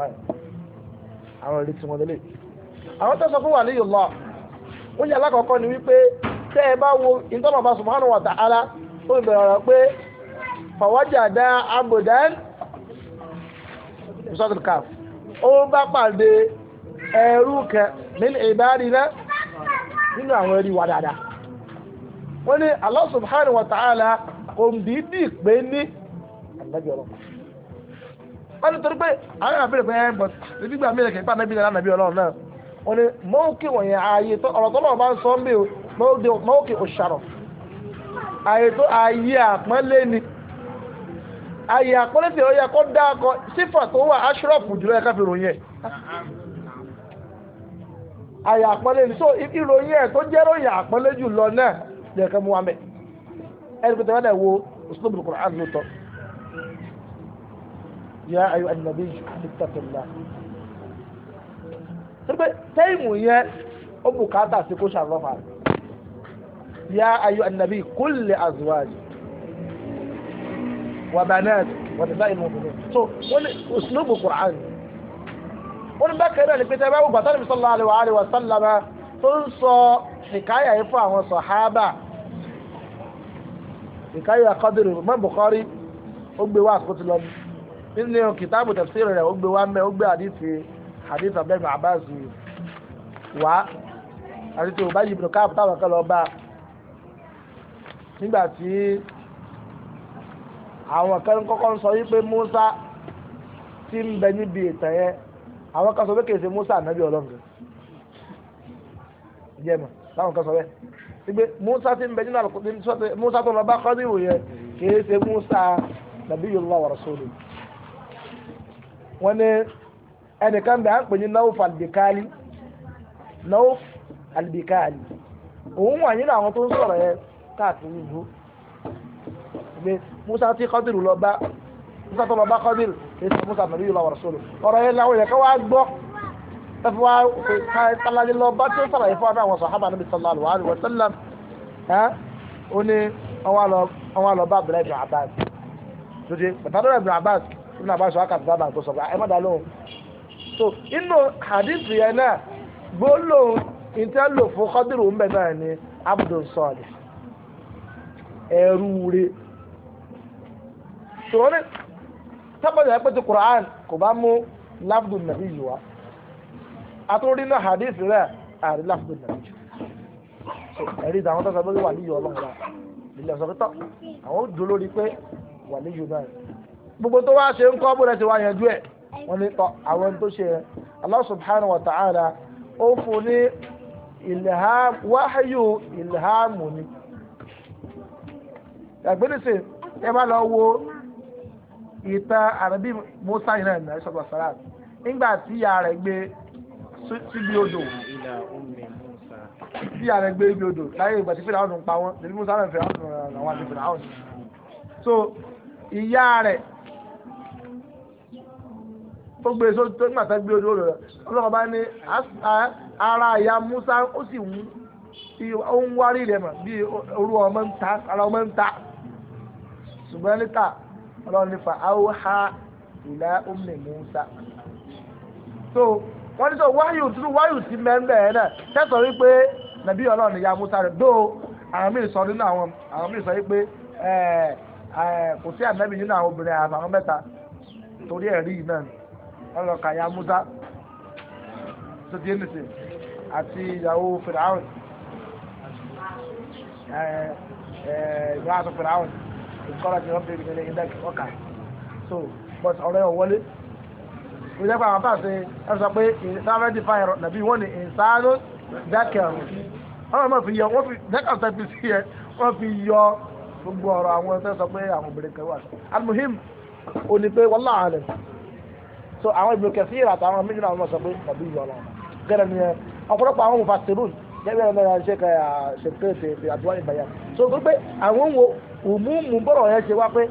àwọn ìrètí wọn lélẹ̀ àwọn tó sọ fún wàlíyù lọ wọ́n alákọ̀ọ́kọ́ ni wípé tẹ́ ẹ bá wo ìtọ́nàbà subhanahu wa ta'ala ó bẹ̀rẹ̀ ọ̀rọ̀ pé fawajada abdan sọ́tún káf ó bá pàdé ẹrú kan min ibadina nínú àwọn ẹrí wa dáadáa wọ́n ní Allah subhanahu wa ta'ala kò ń bí bí pé ní àgbẹ̀jọ̀rọ̀ wọ́n ní torí pé àwọn àbẹ̀rẹ̀ pé ẹ̀ bọ̀ nígbà mílẹ̀ kẹ́kẹ́ pàdé bí ọlọ́run náà wọ́n mọ́ọ̀kì òṣàrọ̀ àyètò àyè àpọ́nlé ni àyè àpọ́nlé tí ó yẹ kó dáàkọ sífà tó wà aṣọ́ọ̀pù jùlọ ẹ̀ka fi ròyìn ẹ̀ àyè àpọ́nlé ni so ìròyìn ẹ̀ tó jẹ́ ròyìn àpọ́nlé jù lọ náà yẹ kẹ́ mú wa mẹ́ ẹni pé tẹ́wọ́n náà wo uslub al-Qur'an lóòótọ́ yá ayọ̀ ànàbí ìtàkùnlá sọ pé tẹ́ìmù yẹn ó bùkátà sí kó ṣàlọ́fà rẹ̀. يا أيها النبي قل لأزواجك وبناتك ونساء المؤمنين so wọ́n uslubu Qur'an wọ́n bá kẹ́rẹ́ ní pété báwo bàtà níbi sallallahu alaihi wa sallama tó ń sọ hikaya yìí fún àwọn sọ̀hábà hikaya kọ́dìrì mọ́ Bukhari ó gbé wá àkótó lọ nínú kìtàbù tafsir rẹ̀ ó gbé wá mẹ́ ó gbé àdìsí àdìsí abẹ́mi Abbas wá àdìsí òbáyé ibùdó káàpù táwọn kan nígbà tí àwọn kan kọ́kọ́ ń sọ wípé Musa ti ń bẹ níbi ìtàn yẹn àwọn kan sọ pé kèsì Musa ànábì ọlọ́run jẹ́ mọ̀ láwọn kan sọ bẹ́ẹ̀ wípé Musa ti ń bẹ nínú àlùkò Musa tó lọ bá kọ́dìrò yẹn kèsì Musa nabiyullah wa rasuluhu wọ́n ní ẹnìkan bẹ̀ à ń pè ní Nauf al-Bikali Nauf al-Bikali òun wà nínú àwọn tó ń sọ̀rọ̀ yẹn káàkiri ìlú ìgbé musa tí kọ́dìrì lọ bá musa tó lọ bá kọ́dìrì kì í sọ musa nàbí yìí lọ wọ̀rọ̀ sólù ọ̀rọ̀ yẹn làwọn èèyàn kan wá gbọ́ ẹfi wá kàlàyé lọ bá tó sàlàyé fún àwọn sàhábà níbi sallallahu alaihi wa sallam ẹ́ ó ní ọwọ́ lọ bá abdullahi bin abbas tóde bàtàdúrà bin abbas ibn abbas wà kàtà sábà tó sọ̀rọ̀ ẹ má dá so inú hadith yẹn náà gbólóhùn ìtẹ́lò fún kọ́dìrì ń bẹ̀ náà ní abdul sọ́ọ̀lì Eru rẹ̀ so ní tábàjà pé Qur'an kò bá mú láfdù nàbí yìí wá àtúndì náà hadith rẹ̀ àrí láfdù nàbí yìí ẹ̀rí ìdáwọn tó sọ wà níyọ̀ ọlọ́run wa ilé ọ̀sán pẹ́tọ́ àwọn dùn lórí pé wà níyọ̀ náà gbogbo tó wá ṣe ń kọ́ bó rẹ̀ ti wá yanjú ẹ̀ wọ́n ní tọ́ àwọn tó ṣe ẹgbẹ́dẹ́sẹ̀ ẹ bá lọ wo ìtàn àrẹ́bí Musa yìí náà ní àìsọ̀tọ̀ sàràt nígbà tí ìyá rẹ̀ gbé síbi odò tí ìyá rẹ̀ gbé ibi odò láyé ìgbà tí fìlà ọ̀nù pa wọn lèmi Musa náà fìlà ọ̀nù àwọn àti fìlà ọ̀nù so ìyá rẹ̀ tó gbé e so tó nígbà tó gbé odò rẹ̀ ọlọ́run bá ní ara ìyá Musa ó sì wú ó ń wárí rẹ̀ mọ̀ bí orú ọmọ ń ta ara ọmọ ń ta ṣùgbọ́n níta ọlọ́run ní fa awha ìlà ummi Musa. so wọ́n ní sọ wáyù tún wáyù ti mẹ́ńbẹ̀ ẹ̀ náà tẹ́sọ̀ wípé nàbí ọlọ́run ìyá Musa rẹ̀ dó àwọn míì sọ nínú àwọn àwọn míì sọ wípé kò sí ànábì nínú àwọn obìnrin àtàwọn mẹ́ta torí ẹ̀rí yìí náà wọ́n lọ kà ya Musa tó di ẹnìsìn àti ìyàwó Fìràwọ̀n ìyàwó àti Fìràwọ̀n kọ́lá ti rọ́pẹ́ ibi tẹ́lẹ̀ ìdá ọkà so but ọ̀rọ̀ ẹ̀ wọlé kò jẹ́ pé àwọn apá ṣe ẹ sọ pé ìdáfẹ́ ti fa ẹ̀rọ nàbí wọ́n ní ìsáánú dákẹ̀rù ọ̀rọ̀ náà fi yọ wọ́n fi dákẹ̀rù tẹ́ fi sí ẹ wọ́n fi yọ gbogbo ọ̀rọ̀ àwọn ẹ̀sẹ̀ sọ pé àwọn obìnrin kan wà almuhim ò ní pé wọ́n láàárẹ̀ so àwọn ìbùrù kẹsí ìrà àtàwọn méjìlá àwọn sọ pé nàbí ni ẹ ọ̀pọ̀lọpọ̀ àwọn mufasirun gẹ́gẹ́ bí ẹ̀rọ náà ṣe so gbogbo àwọn wo òmùmù bọ̀rọ̀ yẹn ṣe wá pé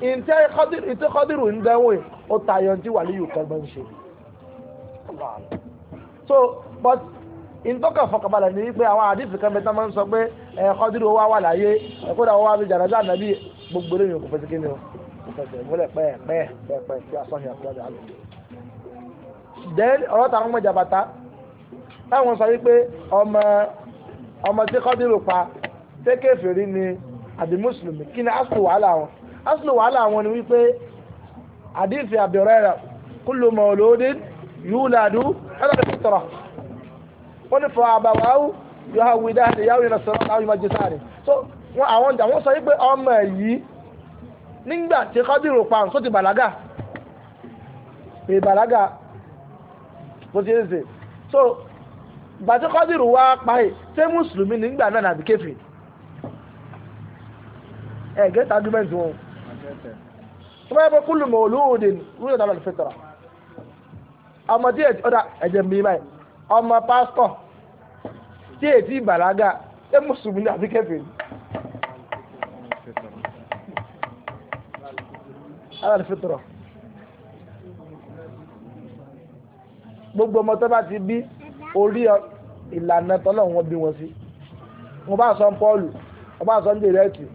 ntẹ́ ìtẹ́ kọ́dìrù ń dẹ́wò yìí ó tayọ tí wàlẹ́ yìí kọ́gbọ́n ń ṣe. so but ntọ́kà fọkànbalẹ̀ ní wípé àwọn àdìsí kan bẹ́ẹ̀ tán máa ń sọ pé ẹ̀ kọ́dìrù wà wà láyé ẹ̀kọ́ dà wọ́n wá bí jàdájà nàbí gbogbo lóyún kò fẹsẹ̀ kíni o kò fẹsẹ̀ múlẹ̀ pẹ́ẹ́pẹ́ẹ́ pẹ́ẹ́pẹ́ tí a sọ́yìn àti ọ̀dà àlọ́. then ọ̀rọ̀ táwọn ọmọ jàbàtà táwọn sọ wípé ọmọ ọmọ tí kọ́dìrù pa ṣé kèfèrí ni àbí mùsùlùmí kí ni aslu wàhálà wọn aslu wàhálà wọn ni wípé àdìsí àbẹ̀rẹ̀ kullu mawludin yuladu ala fitra wọ́n ní fọ àbàwáwù yóò ha wídá ni yàwó yẹn sọ̀rọ̀ láwùjọ máa jẹ sáré so wọn àwọn àwọn sọ wípé ọmọ yìí nígbà tí kọ́bìrù pa nǹkan ti bàlágà pé bàlágà bó ti ń sè so bàtí kọ́bìrù wá pa ẹ̀ ṣé mùsùlùmí nígbà náà nàbí kéfì ẹ̀ eh, gẹ́tà argument wọn tó bá yẹ pé kúlù mọ̀ olóòdè rúdò dábàá lè fẹ́tọ̀rọ̀ ọmọ tí ọ̀dà ẹ̀jẹ̀ mi báyìí ọmọ pásítọ̀ tí ètí ìbàlágà ṣé mùsùlùmí ní àbí kẹfì ni. ala lè fẹ́tọ̀rọ̀ gbogbo ọmọ tó bá ti bí orí ìlànà tọ́lọ̀ wọn bí wọn sí wọn bá sọ pọ́ọ̀lù wọn bá sọ ń dèrè ẹ̀tì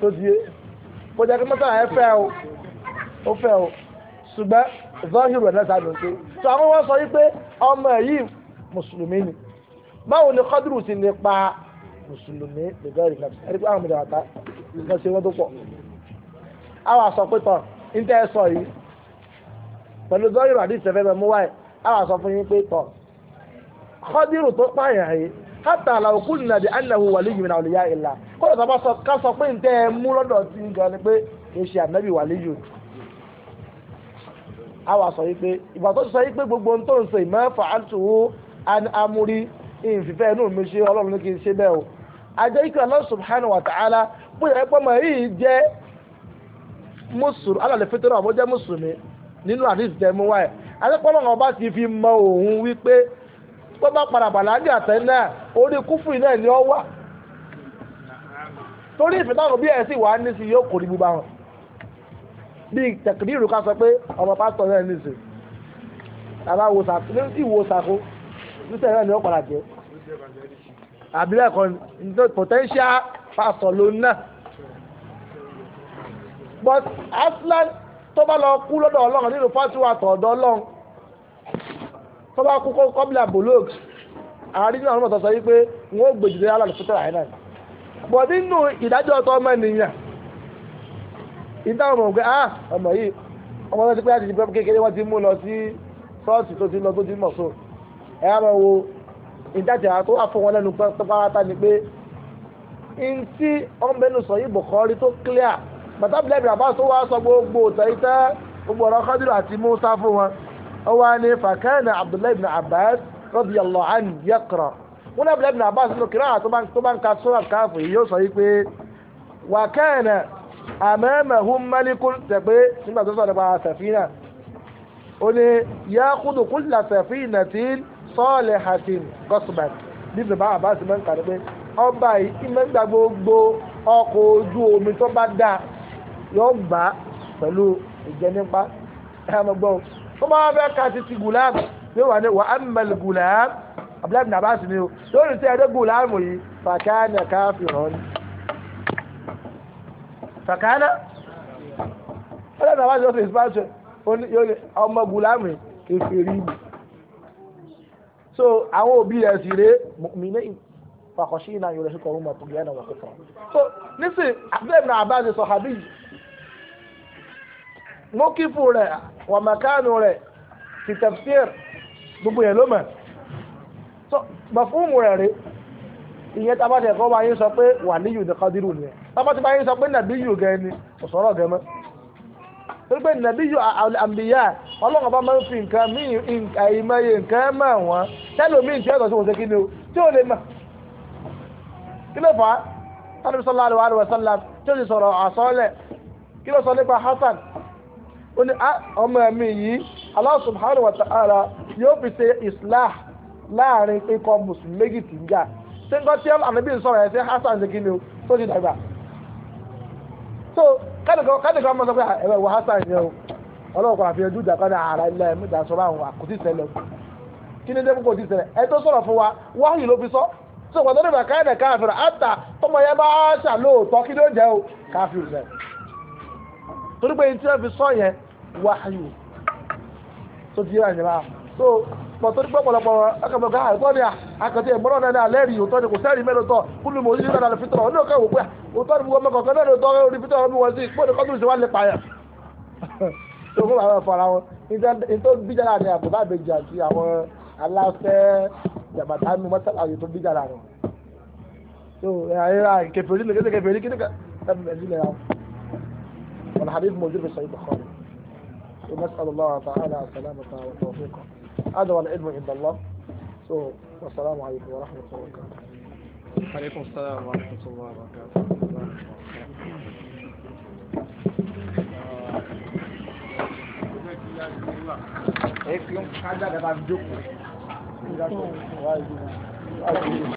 tó di é bó jẹ́ kí mọ́tàlá ẹ fẹ́ o ó fẹ́ o ṣùgbọ́n zọ́hìrù ẹ̀ náà sábẹ̀ ń pé tó àwọn wọn sọ wípé ọmọ yìí mùsùlùmí ni báwo ni kọ́dùrù ti lè pa mùsùlùmí lẹ́gbẹ̀rẹ̀ náà ẹni pé àwọn ọmọdé wàtá nǹkan ṣe wọ́n tó pọ̀ àwọn àsọ pé tán níta ẹ sọ yìí pẹ̀lú zọ́hìrù àdìsẹ́fẹ́ mẹ́mú wáyé àwọn àsọ fún yín pé tán kọ́dùrù tó pààyàn yìí hata làwọn kú na di anahu waliyu na nà olùyà ìlà kọ́lọ̀ tó ká sọ pé mú lọdọ n gan ni pé kì í ṣe ànábì waliyu a wà sọ yìí pé ìgbà tó sọ yìí pé gbogbo ohun tó ń sè mọ́ an amuri ìfìfẹ́ inú mi ṣe ọlọ́run ní kì í ṣe bẹ́ẹ̀ o àjẹ́ ikú Allah subhanahu wa ta'ala bóyá èyí jẹ́ mùsùlùmí mùsùlùmí nínú tó bá padà bàlágì àtẹ náà orí kúfùrì náà ni ó wà torí ìfìtàkùn bí ẹ̀ sì wà ní sí yóò kò rí gbogbo àwọn bí tẹ̀kìdìrì ká sọ pé ọmọ pásítọ̀ náà ní sí àbá ìwò sàkó nítorí náà ni ó padà jẹ́ àbílẹ̀ kan potential pastor ló náà but aslan tó bá lọ kú lọ́dọ̀ ọlọ́run nínú fásitì wa tọ̀ ọ̀dọ̀ ọlọ́run tó bá kú kọ́bílà bolog àárín àwọn ọmọ sọ wípé wọn ò gbèjìlẹ̀ alàlùfẹ́tọ̀ àyẹ̀nà bọ̀ nínú ìdájọ́ ọ̀tọ̀ ọmọ ènìyàn ìdáhùn ọ̀gbẹ́ ah ọmọ yìí ọmọ náà ti pé láti ìbẹ́ kékeré wọ́n ti mú lọ sí ṣọ́ọ̀ṣì tó ti lọ tó ti mọ̀ so ẹ̀ á máa wo ìdájà tó wà fún wọn lẹ́nu pátápátá ni pé ntí ọ̀nbẹ́nu sọ yìí bùkọ́rí tó clear bàtà bílẹ̀ bìrà bá tó wá sọ gbogbo òtẹ̀ ìtẹ́ gbogbo ọ̀rọ̀ kọ́dúrà àti mú sá fún wọn ọwọ́ ni fàkànà abdullahi ibn abbas radiyallahu anhu yaqra wọn abdullahi ibn abbas nínú kìrá àti tó bá ń ka sura káfù yìí yóò sọ yìí pé wà kànà amamahum malikun tẹ̀pẹ́ nígbà tó sọ̀rọ̀ nípa sàfínà ó ní yaqudu kulla safinatin salihatin gọ́sùmẹ̀t níbi bá abbas máa ń kà ní pé ọba yìí máa ń gba gbogbo ọkọ̀ ojú omi tó bá dáa yóò gbà pẹ̀lú ìjẹnipa ẹ̀ tó máa fẹ́ ka títí gùlám yóò wà ní wà á mẹ́lì gùlám abdullahi bin abbas ni o lórí tí ẹ̀dẹ́ gùlám yìí fàkánà káfíràn fàkánà ọlọ́run abbas yóò fi ìsìpáṣẹ ọmọ gùlám yìí kékeré mi so àwọn òbí rẹ̀ sì ré mùmínẹ́yìn fàkọ̀ṣí náà yóò rẹ̀ sí kọ̀ọ̀rọ̀ mọ̀ tó gẹ́ náà wọ̀ kó fọ́ so nísìnyí abdullahi bin abbas sọ mọ́kífù rẹ̀ wàmàkánù rẹ̀ ti tafsir gbogbo yẹn ló mọ̀ so mọ̀fúnmù rẹ̀ rẹ̀ ìyẹn tá a bá tẹ̀ kọ́ bá yín sọ pé wàlíyù ní kádírù nìyẹn tá a bá ti bá yín sọ pé nàbíyù gẹ̀ ni kò sọ̀rọ̀ gẹ̀ mọ́ torí pé nàbíyù àmbíyà ọlọ́run bá máa ń fi nǹkan míì àìmọye nǹkan mọ̀ wọ́n tẹ́lómìn tí ẹ̀sọ̀ sí wọ́n ṣe kí ni o tí ò lè mọ̀ kí ló fà á tọ́lú sọ́lá àlùwà àlùwà sọ́lá tí ó sì sọ̀rọ̀ àsọ́ọ́lẹ̀ kí ló sọ nípa Hasan ó ní ah, ọmọ mi yìí Allah subhanahu yóò fi ṣe islah láàrin ikọ̀ mùsùlùmí méjì tì ń jà ṣé nǹkan tí ànábì ń sọ̀rọ̀ ẹ̀ ṣe hasan ṣe kí ni o tó ti dàgbà. so kádìkan máa sọ pé ah, ẹ̀rọ ìwọ hasan yẹn o ọlọ́run kan àfihàn jújà kan ní ara ilẹ̀ ẹ̀mẹ́ta sọ̀rọ̀ àwọn àkùtì kí ni dẹ́kun kò ti ẹ tó sọ̀rọ̀ fún wa ló fi sọ so pàtó nígbà káyọ̀ tọmọ yẹn bá ṣàlóòótọ́ kí ló jẹ́ o torí pé tí wọ́n fi sọ yẹn wáyù tó ti yára ìnira so pọ̀ torí pé ọ̀pọ̀lọpọ̀ akẹ́kọ̀ọ́ àìkọ́ ni àkàtì ìmọ̀ràn náà ní alẹ́ òótọ́ ni kò sẹ́rìí mẹ́rin tọ̀ kúlù mọ̀ ojú náà fi tọ̀ ọ́ ní òkè wò pé òótọ́ ni gbogbo ọmọkàn náà ló tọ́ orí fi tọ̀ ọ́ bí wọ́n sí pé òní kọ́tù ìṣèwà lè pààyàn. tó kó àwọn afọra wọn ètò bíjà náà ni àbúrò àbèjì àti àwọn aláfẹ́ jàbàtà mi wọ́n sábà ètò bíjà náà rẹ̀. so ẹ̀yà kẹfẹ́rí lè kẹfẹ́rí kí حديث موجود في صحيح البخاري ونسأل الله تعالى السلامة والتوفيق هذا هو العلم عند الله so, والسلام عليكم ورحمة الله وبركاته عليكم السلام ورحمة الله وبركاته If you had that about Juku,